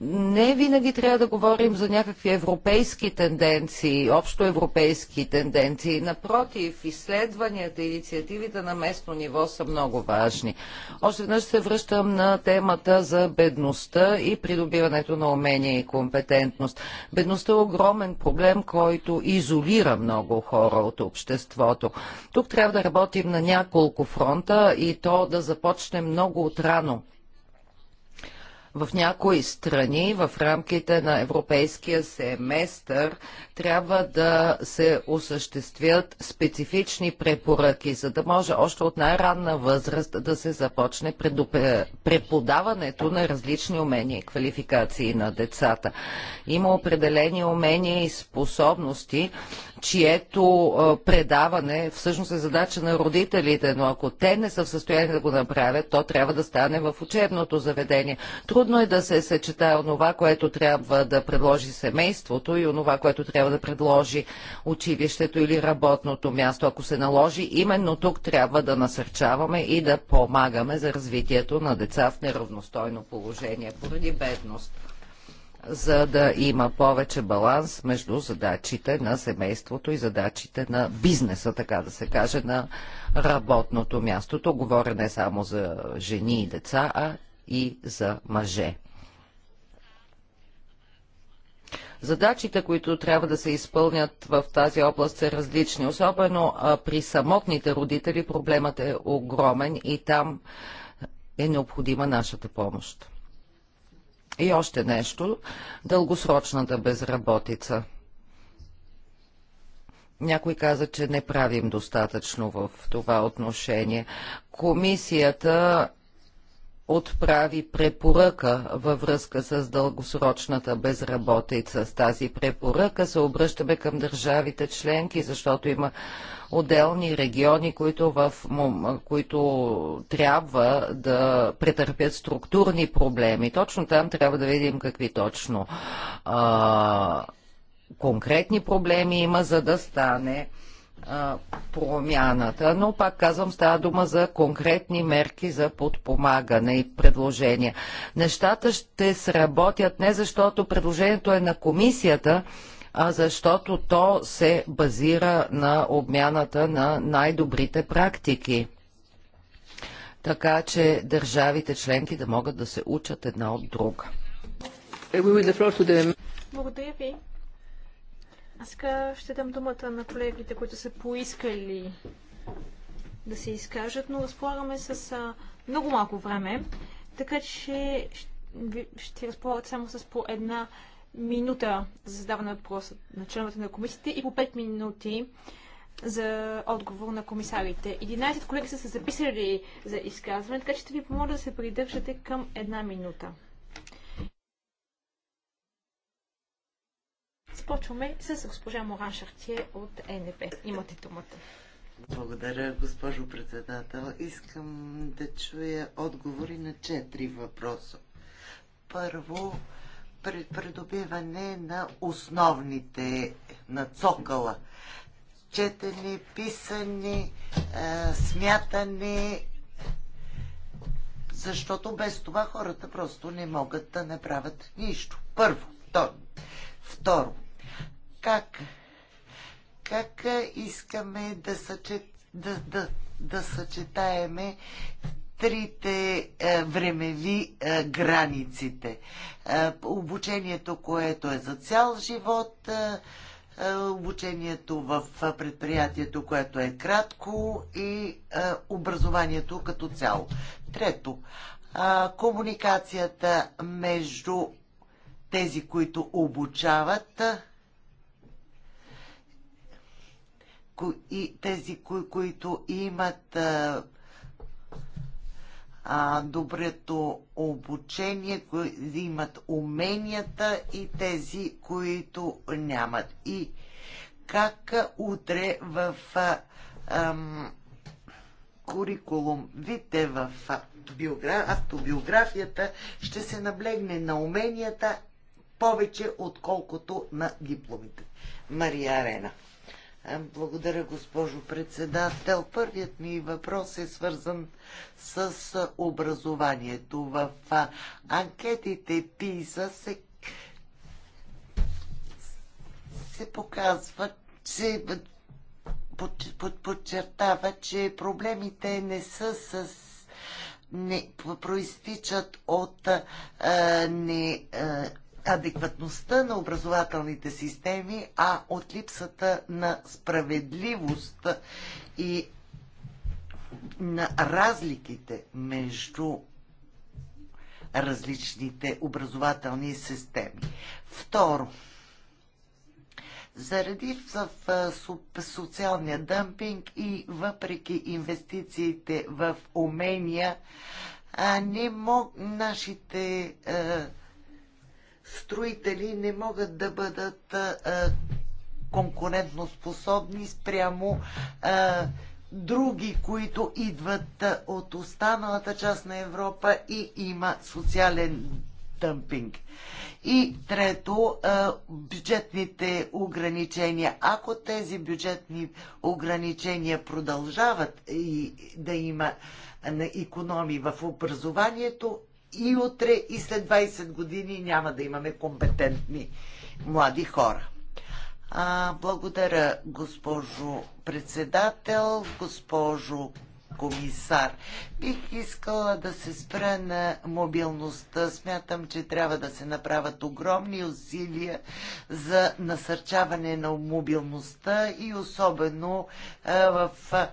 Не винаги трябва да говорим за някакви европейски тенденции, общо европейски тенденции. Напротив, изследванията и инициативите на местно ниво са много важни. Още веднъж се връщам на темата за бедността и придобиването на умения и компетентност. Бедността е огромен проблем, който изолира много много хора от обществото. Тук трябва да работим на няколко фронта и то да започне много отрано в някои страни в рамките на европейския семестър трябва да се осъществят специфични препоръки, за да може още от най-ранна възраст да се започне преподаването на различни умения и квалификации на децата. Има определени умения и способности, чието предаване всъщност е задача на родителите, но ако те не са в състояние да го направят, то трябва да стане в учебното заведение. Трудно е да се съчетае онова, което трябва да предложи семейството и онова, което трябва да предложи училището или работното място, ако се наложи. Именно тук трябва да насърчаваме и да помагаме за развитието на деца в неравностойно положение поради бедност за да има повече баланс между задачите на семейството и задачите на бизнеса, така да се каже, на работното място. То говоря не само за жени и деца, а и за мъже. Задачите, които трябва да се изпълнят в тази област са различни. Особено при самотните родители проблемът е огромен и там е необходима нашата помощ. И още нещо – дългосрочната безработица. Някой каза, че не правим достатъчно в това отношение. Комисията отправи препоръка във връзка с дългосрочната безработица. С тази препоръка се обръщаме към държавите членки, защото има отделни региони, които, в, които трябва да претърпят структурни проблеми. Точно там трябва да видим какви точно а, конкретни проблеми има, за да стане промяната, но пак казвам, става дума за конкретни мерки за подпомагане и предложения. Нещата ще сработят не защото предложението е на комисията, а защото то се базира на обмяната на най-добрите практики. Така че държавите членки да могат да се учат една от друга. Благодаря ви. А сега ще дам думата на колегите, които са поискали да се изкажат, но разполагаме с а, много малко време, така че ще разполагат само с по една минута за задаване на въпроса на членовете на комисиите и по 5 минути за отговор на комисарите. 11 колеги са се записали за изказване, така че ще ви помоля да се придържате към една минута. Започваме с госпожа Моран Шартие от НП. Имате думата. Благодаря, госпожо председател. Искам да чуя отговори на четири въпроса. Първо, пред придобиване на основните, на цокала. Четене, писане, смятане, защото без това хората просто не могат да направят нищо. Първо. Второ. Второ, как, как искаме да, съчет, да, да, да съчетаеме трите е, времеви е, границите. Е, обучението, което е за цял живот, е, е обучението в предприятието, което е кратко и е, образованието като цяло. Трето, е, комуникацията между тези, които обучават и тези, кои, които имат а, доброто обучение, които имат уменията и тези, които нямат. И как утре в а, ам, курикулум, вите в автобиографията, ще се наблегне на уменията повече, отколкото на дипломите. Мария Арена. Благодаря, госпожо председател. Първият ми въпрос е свързан с образованието. В анкетите ПИСА се, се показва, се подчертава, че проблемите не са с не проистичат от а, не, а, адекватността на образователните системи, а от липсата на справедливост и на разликите между различните образователни системи. Второ, заради в социалния дъмпинг и въпреки инвестициите в умения, не мог нашите строители не могат да бъдат конкурентно способни спрямо други, които идват от останалата част на Европа и има социален дъмпинг. И трето, бюджетните ограничения. Ако тези бюджетни ограничения продължават и да има економи в образованието, и утре, и след 20 години няма да имаме компетентни млади хора. А, благодаря, госпожо председател, госпожо комисар. Бих искала да се спра на мобилността. Смятам, че трябва да се направят огромни усилия за насърчаване на мобилността и особено а, в. А,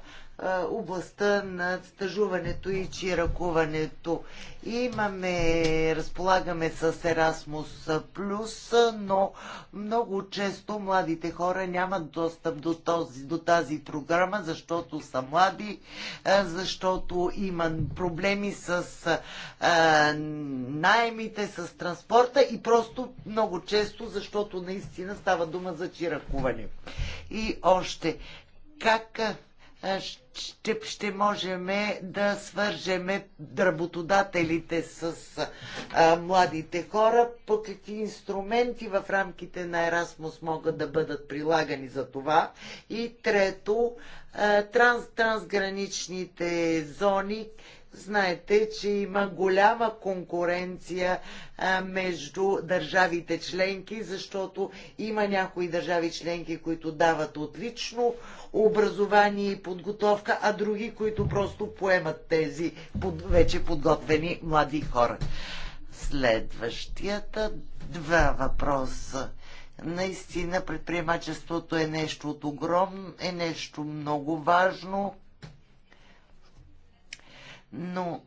областта на стажуването и чиракуването. Имаме, разполагаме с Erasmus Plus, но много често младите хора нямат достъп до, този, до тази програма, защото са млади, защото има проблеми с а, найемите, с транспорта и просто много често, защото наистина става дума за чиракуване. И още, как е, ще, ще можем да свържеме работодателите с а, младите хора, по какви инструменти в рамките на Ерасмус могат да бъдат прилагани за това. И трето, а, транс, трансграничните зони. Знаете, че има голяма конкуренция а, между държавите членки, защото има някои държави членки, които дават отлично образование и подготовка, а други, които просто поемат тези под, вече подготвени млади хора. Следващията два въпроса. Наистина предприемачеството е нещо от огромно, е нещо много важно, но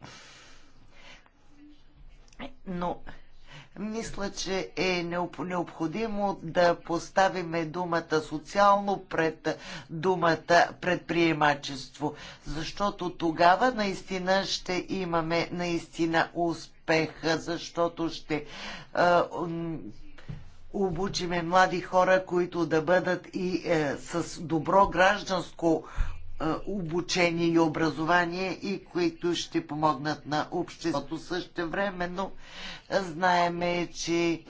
но мисля, че е необходимо да поставиме думата социално пред думата предприемачество, защото тогава наистина ще имаме наистина успех, защото ще обучиме млади хора, които да бъдат и е, с добро гражданско обучение и образование и които ще помогнат на обществото също време, но знаеме, че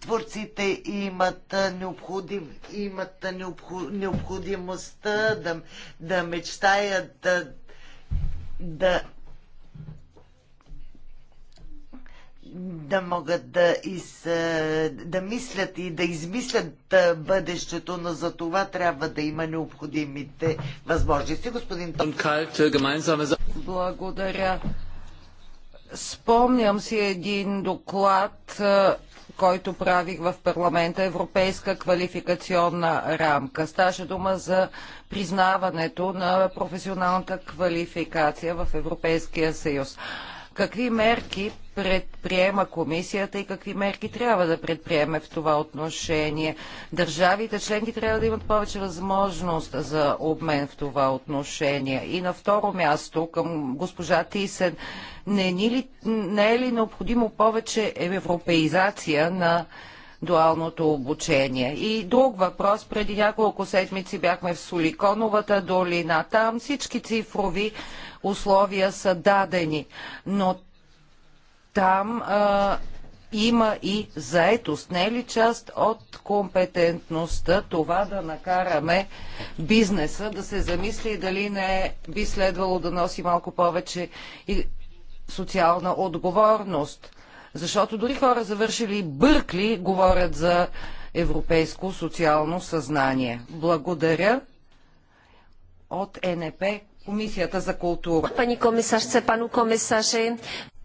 творците имат, необходим, имат необходимостта да, да мечтаят, да, да да могат да, из, да мислят и да измислят бъдещето, но за това трябва да има необходимите възможности. Господин Благодаря. Спомням си един доклад, който правих в парламента Европейска квалификационна рамка. Ставаше дума за признаването на професионалната квалификация в Европейския съюз. Какви мерки предприема комисията и какви мерки трябва да предприеме в това отношение? Държавите членки трябва да имат повече възможност за обмен в това отношение. И на второ място към госпожа Тисен, не, ни ли, не е ли необходимо повече европеизация на дуалното обучение. И друг въпрос. Преди няколко седмици бяхме в Соликоновата долина. Там всички цифрови условия са дадени. Но там а, има и заетост. Не е ли част от компетентността това да накараме бизнеса да се замисли дали не би следвало да носи малко повече и социална отговорност? Защото дори хора завършили Бъркли говорят за европейско социално съзнание. Благодаря от НП Комисията за култура. Пани комисарце, пану комисаре.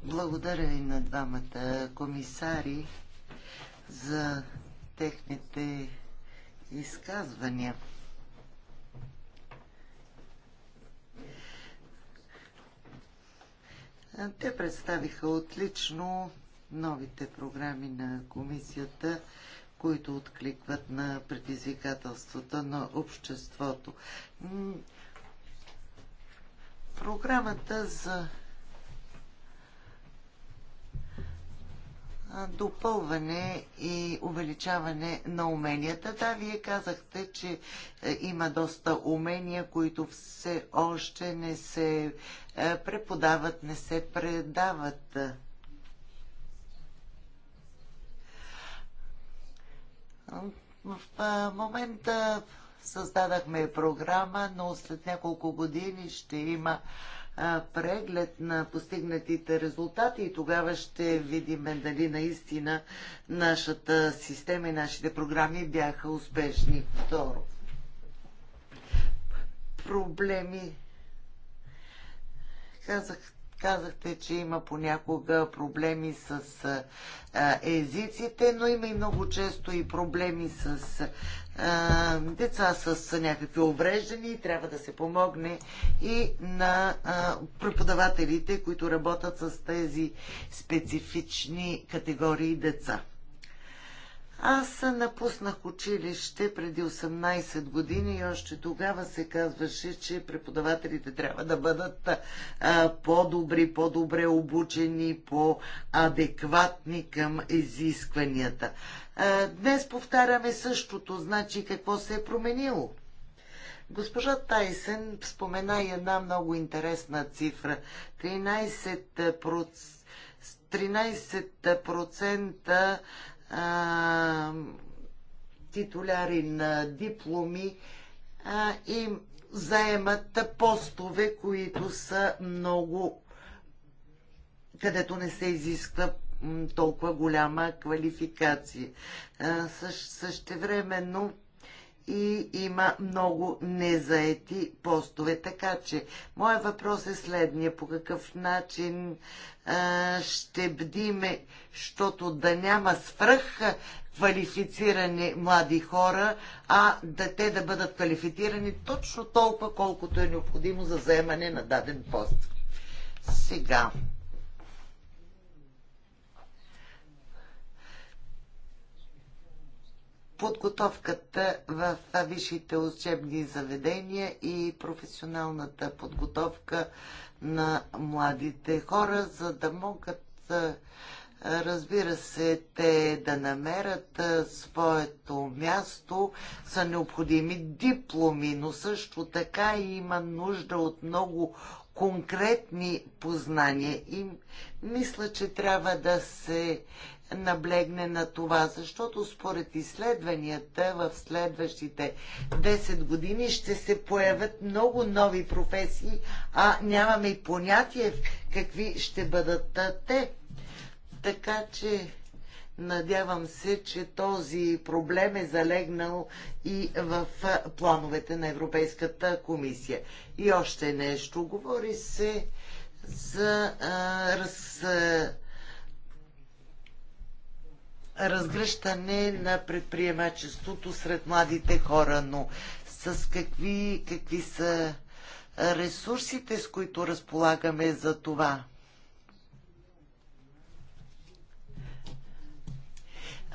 Благодаря и на двамата комисари за техните изказвания. Те представиха отлично новите програми на комисията, които откликват на предизвикателствата на обществото. Програмата за допълване и увеличаване на уменията. Да, вие казахте, че е, има доста умения, които все още не се е, преподават, не се предават. В момента Създадахме програма, но след няколко години ще има преглед на постигнатите резултати и тогава ще видим дали наистина нашата система и нашите програми бяха успешни. Второ. Проблеми. Казах, Казахте, че има понякога проблеми с а, езиците, но има и много често и проблеми с а, деца с някакви обреждани и трябва да се помогне и на а, преподавателите, които работят с тези специфични категории деца. Аз напуснах училище преди 18 години и още тогава се казваше, че преподавателите трябва да бъдат по-добри, по-добре обучени, по-адекватни към изискванията. А, днес повтаряме същото, значи какво се е променило. Госпожа Тайсен спомена и една много интересна цифра. 13%, 13% а, титуляри на дипломи а, и заемат постове, които са много където не се изисква толкова голяма квалификация. Същевременно и има много незаети постове. Така че, моят въпрос е следния. По какъв начин а, ще бдиме, защото да няма свръх квалифицирани млади хора, а да те да бъдат квалифицирани точно толкова, колкото е необходимо за заемане на даден пост. Сега, подготовката в висшите учебни заведения и професионалната подготовка на младите хора, за да могат, разбира се, те да намерят своето място, са необходими дипломи, но също така има нужда от много конкретни познания. И мисля, че трябва да се наблегне на това, защото според изследванията в следващите 10 години ще се появят много нови професии, а нямаме и понятие какви ще бъдат те. Така че надявам се, че този проблем е залегнал и в плановете на Европейската комисия. И още нещо. Говори се за а, раз, а, разгръщане на предприемачеството сред младите хора, но с какви, какви са ресурсите, с които разполагаме за това?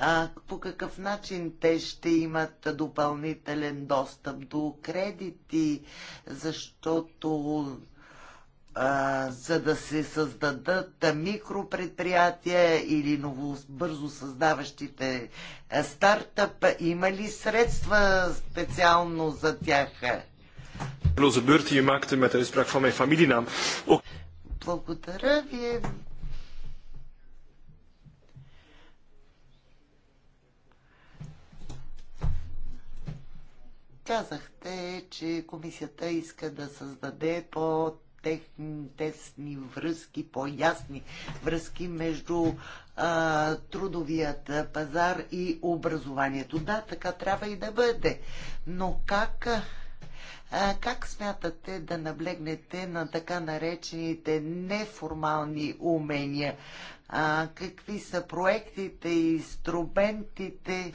А, по какъв начин те ще имат допълнителен достъп до кредити, защото за да се създадат микропредприятия или бързо създаващите стартъп? Има ли средства специално за тях? E Благодаря ви. Казахте, че комисията иска да създаде под тесни връзки, по-ясни връзки между а, трудовият пазар и образованието. Да, така трябва и да бъде. Но как, а, как смятате да наблегнете на така наречените неформални умения? А, какви са проектите и инструментите?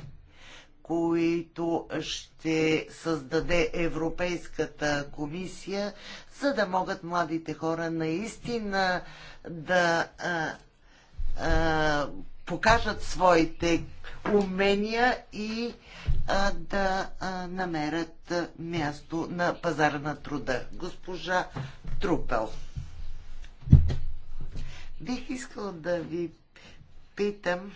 които ще създаде Европейската комисия, за да могат младите хора наистина да а, а, покажат своите умения и а, да а, намерят място на пазара на труда. Госпожа Трупел. Бих искала да ви питам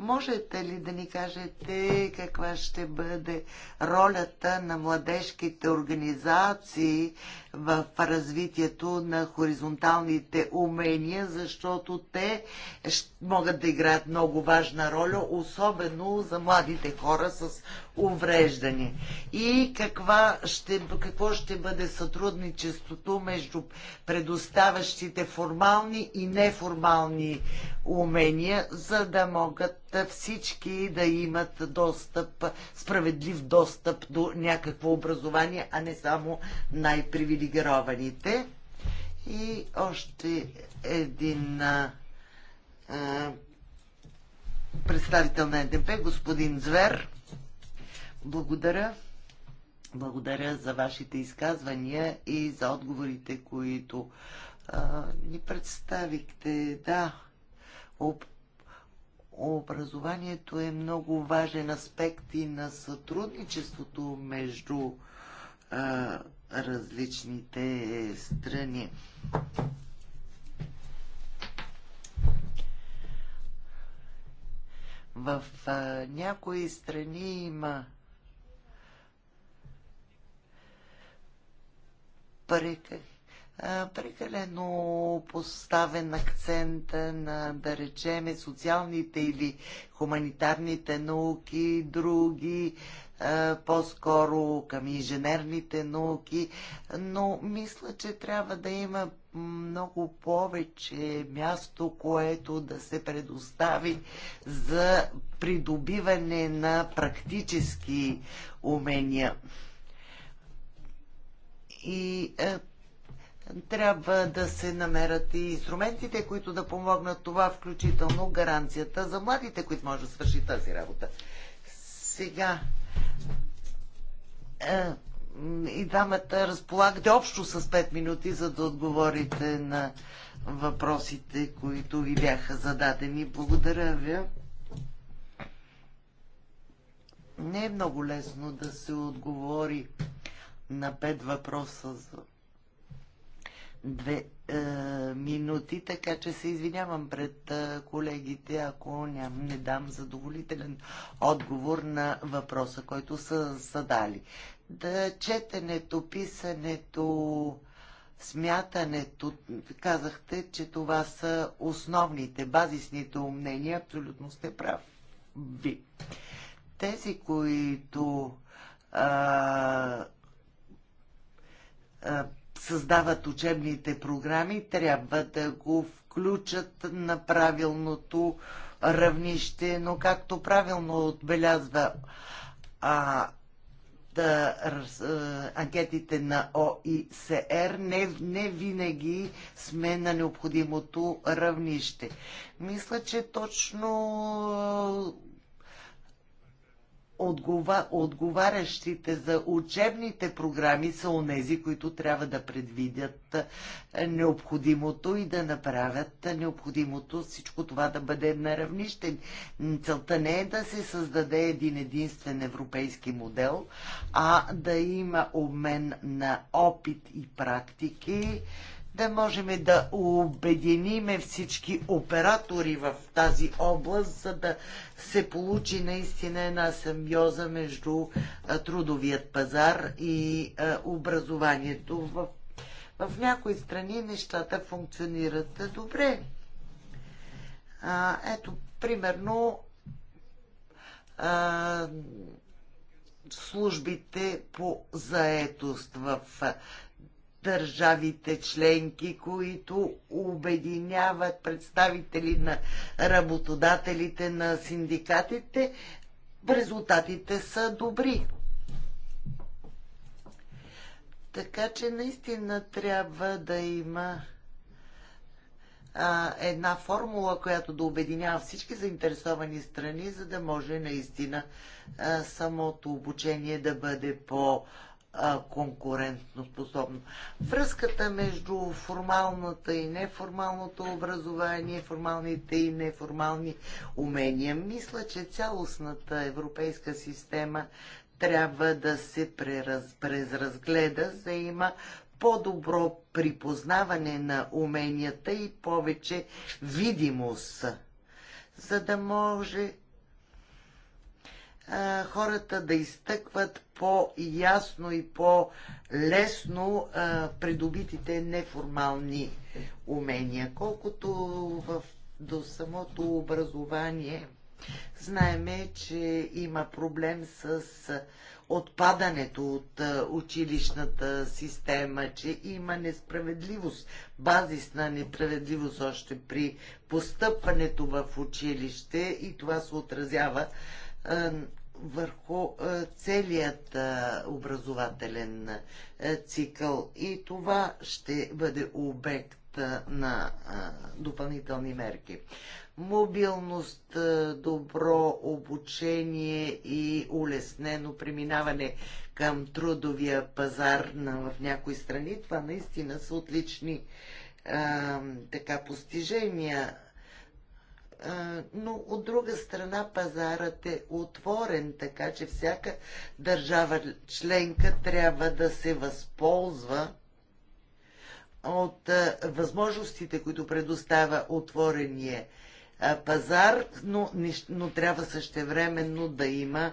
Можете ли да ни кажете каква ще бъде ролята на младежките организации в развитието на хоризонталните умения, защото те могат да играят много важна роля, особено за младите хора с Увреждане И каква ще, какво ще бъде сътрудничеството между предоставящите формални и неформални умения, за да могат всички да имат достъп, справедлив достъп до някакво образование, а не само най-привилегированите? И още един а, представител на НДП, господин Звер. Благодаря. Благодаря за вашите изказвания и за отговорите, които а, ни представихте. Да, об, образованието е много важен аспект и на сътрудничеството между а, различните страни. В а, някои страни има прекалено поставен акцент на, да речеме, социалните или хуманитарните науки, други, по-скоро към инженерните науки, но мисля, че трябва да има много повече място, което да се предостави за придобиване на практически умения и е, трябва да се намерят и инструментите, които да помогнат това, включително гаранцията за младите, които може да свърши тази работа. Сега е, и двамата разполагате общо с 5 минути, за да отговорите на въпросите, които ви бяха зададени. Благодаря ви. Не е много лесно да се отговори на пет въпроса за две е, минути, така че се извинявам пред е, колегите, ако ням, не дам задоволителен отговор на въпроса, който са задали. Да, четенето, писането, смятането, казахте, че това са основните, базисните умнения, абсолютно сте прав. Ви. Тези, които създават учебните програми, трябва да го включат на правилното равнище, но както правилно отбелязва а, да, анкетите на ОИСР, не, не винаги сме на необходимото равнище. Мисля, че точно отговарящите за учебните програми са онези, които трябва да предвидят е, необходимото и да направят необходимото всичко това да бъде на равнище. Целта не е да се създаде един единствен европейски модел, а да има обмен на опит и практики, да можем да обединиме всички оператори в тази област, за да се получи наистина една симбиоза между трудовият пазар и образованието. В, в някои страни нещата функционират добре. А, ето, примерно, а, службите по заетост в държавите членки, които обединяват представители на работодателите, на синдикатите, резултатите са добри. Така че наистина трябва да има а, една формула, която да обединява всички заинтересовани страни, за да може наистина а, самото обучение да бъде по- а, конкурентно способно. Връзката между формалната и неформалното образование, формалните и неформални умения. Мисля, че цялостната европейска система трябва да се презразгледа за да има по-добро припознаване на уменията и повече видимост, за да може хората да изтъкват по-ясно и по-лесно придобитите неформални умения. Колкото в, до самото образование, знаеме, че има проблем с отпадането от училищната система, че има несправедливост, базисна несправедливост още при постъпването в училище и това се отразява върху е, целият е, образователен е, цикъл и това ще бъде обект на допълнителни мерки. Мобилност, добро обучение и улеснено преминаване към трудовия пазар в някои страни, това наистина са отлични така постижения но от друга страна пазарът е отворен, така че всяка държава членка трябва да се възползва от възможностите, които предоставя отворения пазар, но, но трябва същевременно да има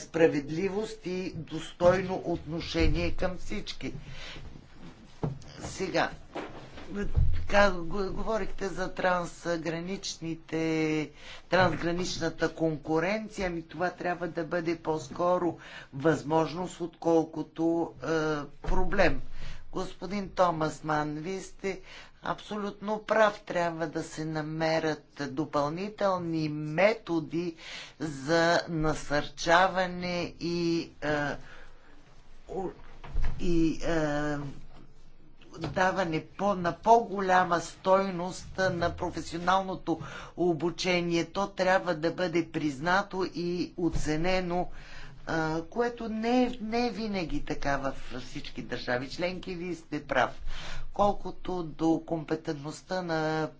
справедливост и достойно отношение към всички. Сега, така, говорихте за трансграничните, трансграничната конкуренция, ами това трябва да бъде по-скоро възможност, отколкото е, проблем. Господин Томас Ман, вие сте абсолютно прав. Трябва да се намерят допълнителни методи за насърчаване и, е, и е, даване по, на по-голяма стойност на професионалното обучение. То трябва да бъде признато и оценено, а, което не е, не е винаги така във всички държави членки. Вие сте прав. Колкото до компетентността на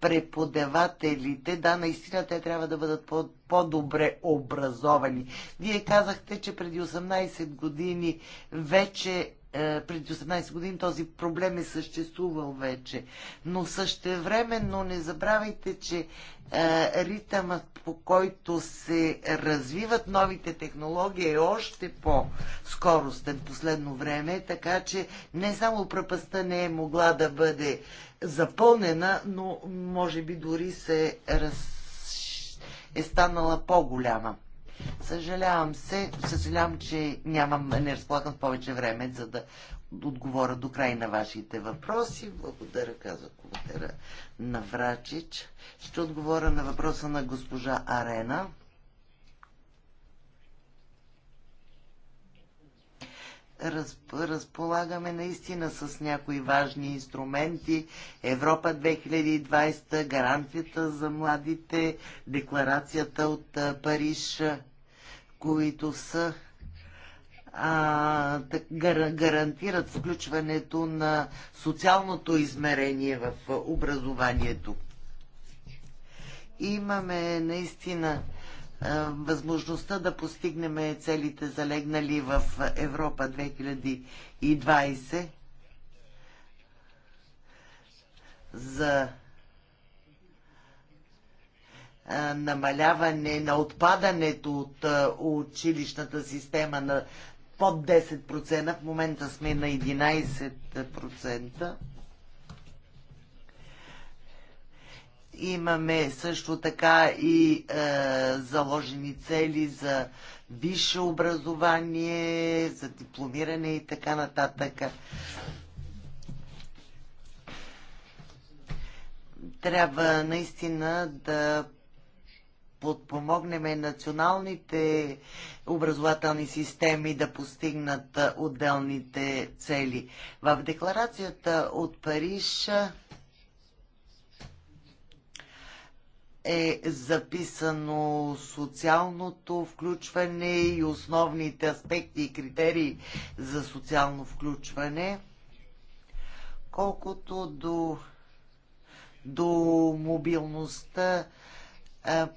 преподавателите, да, наистина те трябва да бъдат по- по-добре образовани. Вие казахте, че преди 18 години вече е, преди 18 години този проблем е съществувал вече. Но същевременно не забравяйте, че е, ритъмът по който се развиват новите технологии е още по-скоростен в последно време, така че не само пръпъста не е могла да бъде запълнена, но може би дори се раз... е станала по-голяма. Съжалявам се, съжалявам, че нямам, не разполагам повече време, за да отговоря до край на вашите въпроси. Благодаря, каза коментара на Врачич. Ще отговоря на въпроса на госпожа Арена. разполагаме наистина с някои важни инструменти. Европа 2020, гаранцията за младите, декларацията от Париж които са а, гарантират включването на социалното измерение в образованието. Имаме наистина възможността да постигнем целите залегнали в Европа 2020 за намаляване на отпадането от училищната система на под 10%. В момента сме на 11%. Имаме също така и е, заложени цели за висше образование, за дипломиране и така нататък. Трябва наистина да подпомогнем националните образователни системи да постигнат отделните цели. В декларацията от Париж е записано социалното включване и основните аспекти и критерии за социално включване. Колкото до, до мобилността,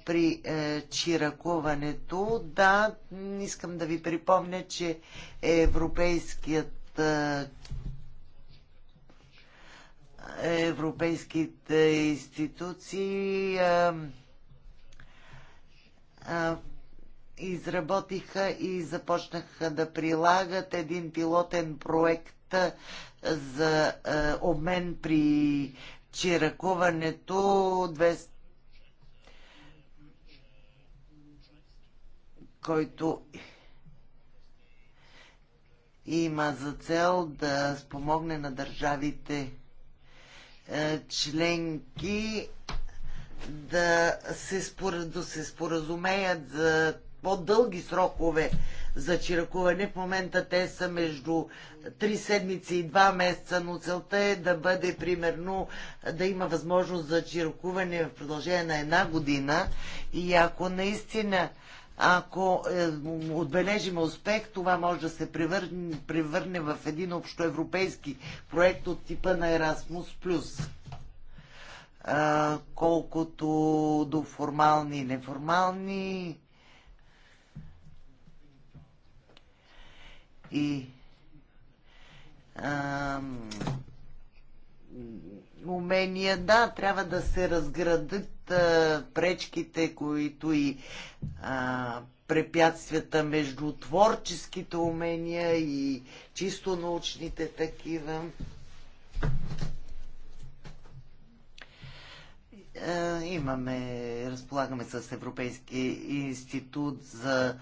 при е, чиракуването. Да, искам да ви припомня, че европейският е, европейските институции а, е, а, изработиха и започнаха да прилагат един пилотен проект за а, обмен при чиракуването който има за цел да спомогне на държавите е, членки да се, спор... да се споразумеят за по-дълги срокове за чиракуване. В момента те са между 3 седмици и 2 месеца, но целта е да бъде примерно да има възможност за чиракуване в продължение на една година. И ако наистина ако е, отбележим успех, това може да се превърне, превърне в един общоевропейски проект от типа на Erasmus+. А, колкото до формални и неформални и а, умения, да, трябва да се разградат пречките, които и а, препятствията между творческите умения и чисто научните такива. Имаме, разполагаме с Европейски институт за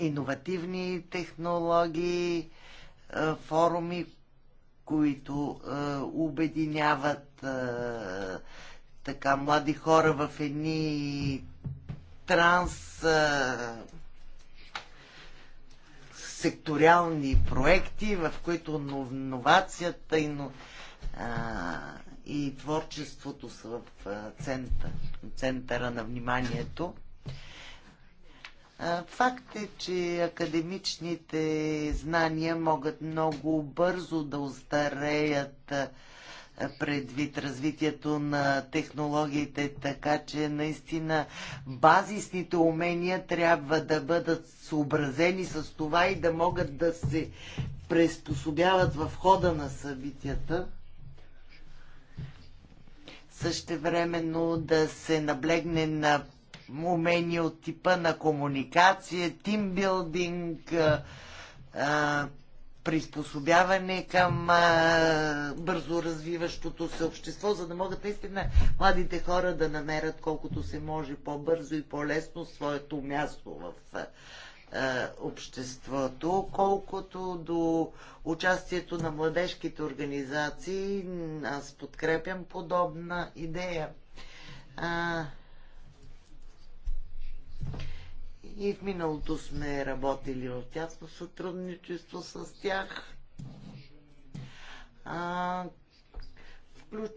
иновативни технологии, а, форуми, които е, обединяват е, така млади хора в едни транс е, секториални проекти, в които новацията и, но, и творчеството са в център, центъра на вниманието. Факт е, че академичните знания могат много бързо да устареят предвид развитието на технологиите, така че наистина базисните умения трябва да бъдат съобразени с това и да могат да се приспособяват в хода на събитията. Същевременно да се наблегне на умения от типа на комуникация, тимбилдинг, приспособяване към а, бързо развиващото се общество, за да могат наистина младите хора да намерят колкото се може по-бързо и по-лесно своето място в а, обществото. Колкото до участието на младежките организации, аз подкрепям подобна идея. А, и в миналото сме работили в тясно сътрудничество с тях. А,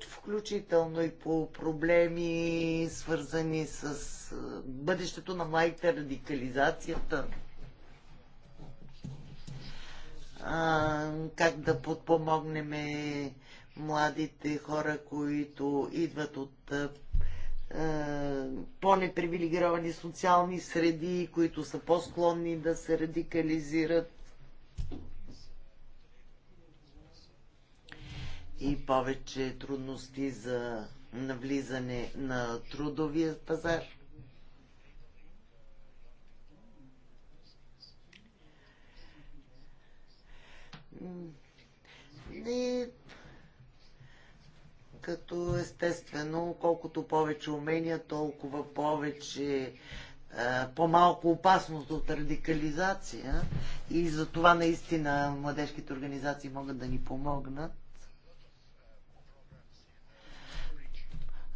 включително и по проблеми, свързани с бъдещето на младите, радикализацията. А, как да подпомогнем младите хора, които идват от е, по-непривилегировани социални среди, които са по-склонни да се радикализират и повече трудности за навлизане на трудовия пазар. И като естествено колкото повече умения, толкова повече е, по-малко опасност от радикализация и за това наистина младежките организации могат да ни помогнат.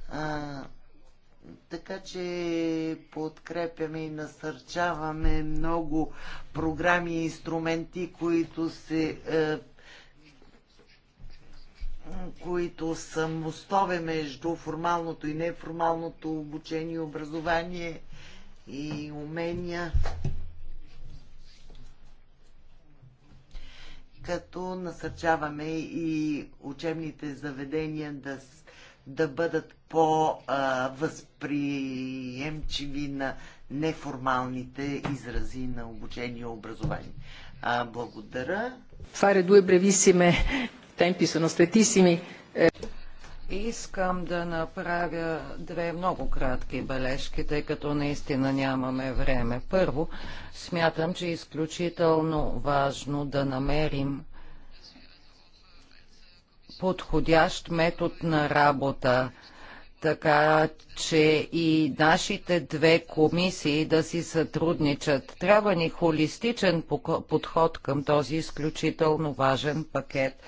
А, така че подкрепяме и насърчаваме много програми и инструменти, които се е, които са мостове между формалното и неформалното обучение, образование и умения. Като насърчаваме и учебните заведения да, да бъдат по-възприемчиви на неформалните изрази на обучение и образование. благодаря. Fare due brevissime темпи е, Искам да направя две много кратки бележки, тъй като наистина нямаме време. Първо, смятам, че е изключително важно да намерим подходящ метод на работа, така че и нашите две комисии да си сътрудничат. Трябва ни холистичен подход към този изключително важен пакет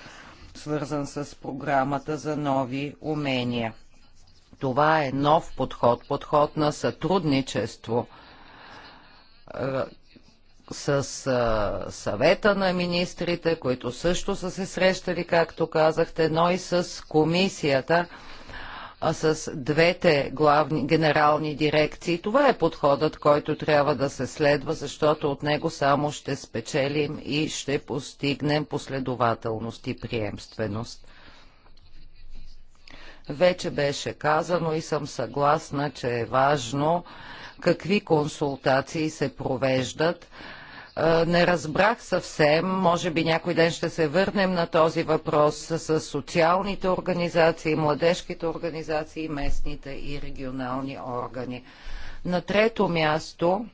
свързан с програмата за нови умения. Това е нов подход, подход на сътрудничество е, с е, съвета на министрите, които също са се срещали, както казахте, но и с комисията – с двете главни генерални дирекции. Това е подходът, който трябва да се следва, защото от него само ще спечелим и ще постигнем последователност и приемственост. Вече беше казано и съм съгласна, че е важно какви консултации се провеждат, е, не разбрах съвсем, може би някой ден ще се върнем на този въпрос с социалните организации, младежките организации, местните и регионални органи. На трето място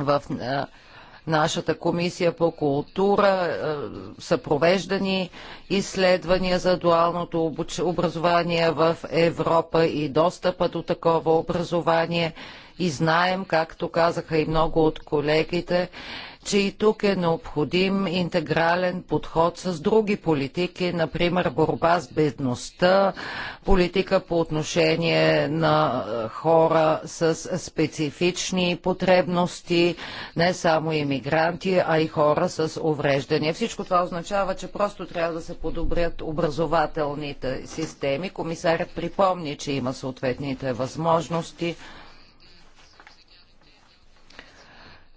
в е, нашата комисия по култура е, са провеждани изследвания за дуалното образование в Европа и достъпа до такова образование и знаем, както казаха и много от колегите, че и тук е необходим интегрален подход с други политики, например борба с бедността, политика по отношение на е, хора с специфични потребности, не само иммигранти, а и хора с увреждания. Всичко това означава, че просто трябва да се подобрят образователните системи. Комисарят припомни, че има съответните възможности.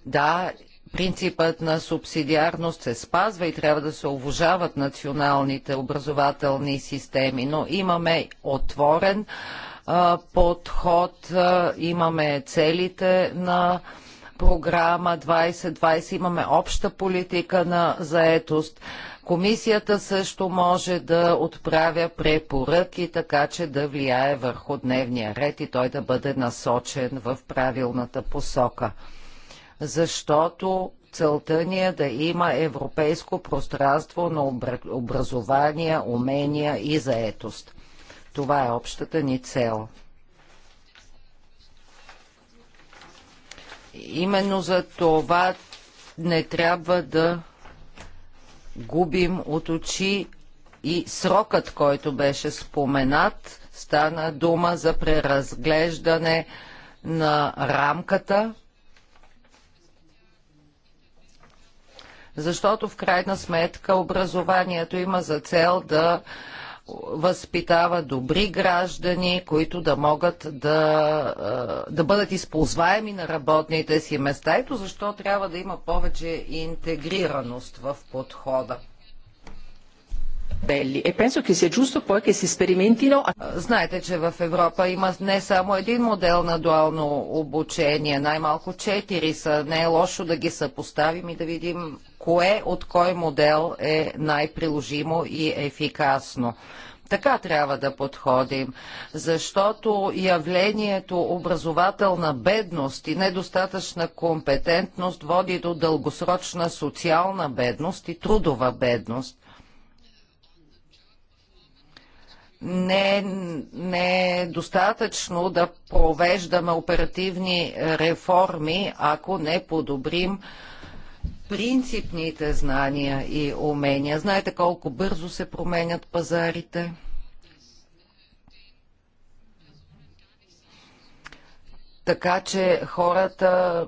Да, принципът на субсидиарност се спазва и трябва да се уважават националните образователни системи, но имаме отворен а, подход, а, имаме целите на програма 2020, имаме обща политика на заетост. Комисията също може да отправя препоръки, така че да влияе върху дневния ред и той да бъде насочен в правилната посока защото целта ни е да има европейско пространство на образование, умения и заетост. Това е общата ни цел. Именно за това не трябва да губим от очи и срокът, който беше споменат, стана дума за преразглеждане на рамката – защото в крайна сметка образованието има за цел да възпитава добри граждани, които да могат да, да бъдат използваеми на работните си места. Ето защо трябва да има повече интегрираност в подхода. Знаете, че в Европа има не само един модел на дуално обучение, най-малко четири са. Не е лошо да ги съпоставим и да видим кое от кой модел е най-приложимо и ефикасно. Така трябва да подходим, защото явлението образователна бедност и недостатъчна компетентност води до дългосрочна социална бедност и трудова бедност. Не, не е достатъчно да провеждаме оперативни реформи, ако не подобрим принципните знания и умения. Знаете колко бързо се променят пазарите. Така че хората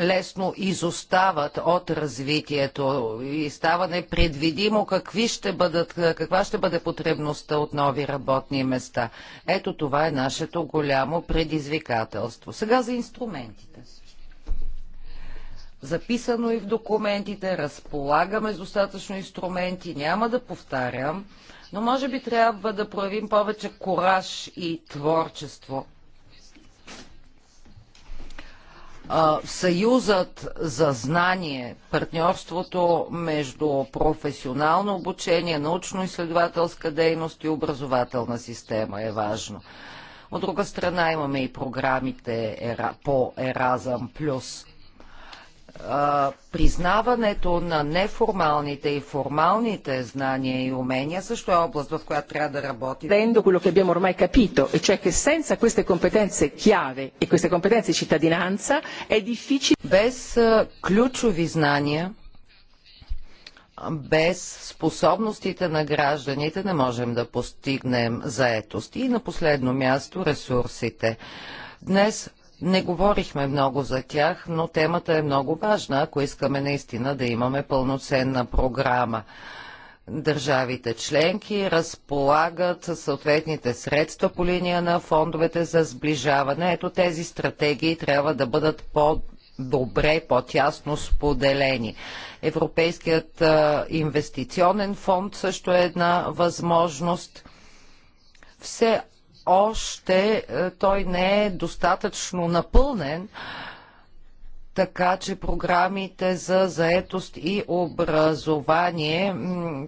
лесно изостават от развитието и става непредвидимо какви ще бъдат, каква ще бъде потребността от нови работни места. Ето това е нашето голямо предизвикателство. Сега за инструменти записано и е в документите, разполагаме с достатъчно инструменти, няма да повтарям, но може би трябва да проявим повече кораж и творчество. Съюзът за знание, партньорството между професионално обучение, научно-изследователска дейност и образователна система е важно. От друга страна имаме и програмите по Еразъм Плюс – признаването на неформалните и формалните знания и умения също е област, в която трябва да работи. Prendo quello che abbiamo ormai capito, e cioè che senza queste competenze chiave e queste competenze cittadinanza è difficile... Без ключови знания, без способностите на гражданите не можем да постигнем заетост. И на последно място ресурсите. Днес не говорихме много за тях, но темата е много важна, ако искаме наистина да имаме пълноценна програма. Държавите членки разполагат съответните средства по линия на фондовете за сближаване. Ето тези стратегии трябва да бъдат по добре, по-тясно споделени. Европейският инвестиционен фонд също е една възможност. Все още е, той не е достатъчно напълнен, така че програмите за заетост и образование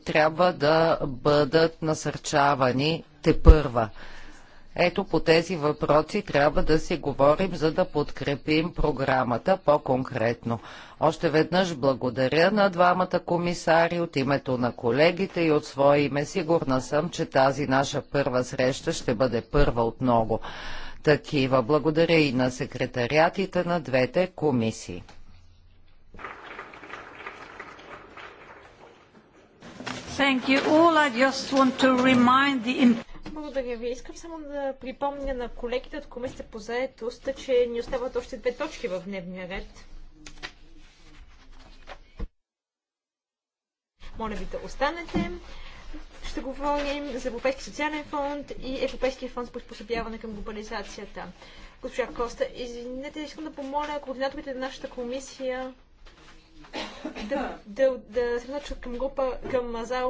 трябва да бъдат насърчавани те първа. Ето по тези въпроси трябва да си говорим, за да подкрепим програмата по-конкретно. Още веднъж благодаря на двамата комисари от името на колегите и от свое име. Сигурна съм, че тази наша първа среща ще бъде първа от много такива. Благодаря и на секретариатите на двете комисии. Thank you all. I just want to remind the благодаря ви. Искам само да припомня на колегите от комисията по заетост, че ни остават още две точки в дневния ред. Моля ви да останете. Ще говорим за Европейски социален фонд и Европейския фонд за приспособяване към глобализацията. Госпожа Коста, извинете, искам да помоля координаторите на нашата комисия да, да, да се към група, към зал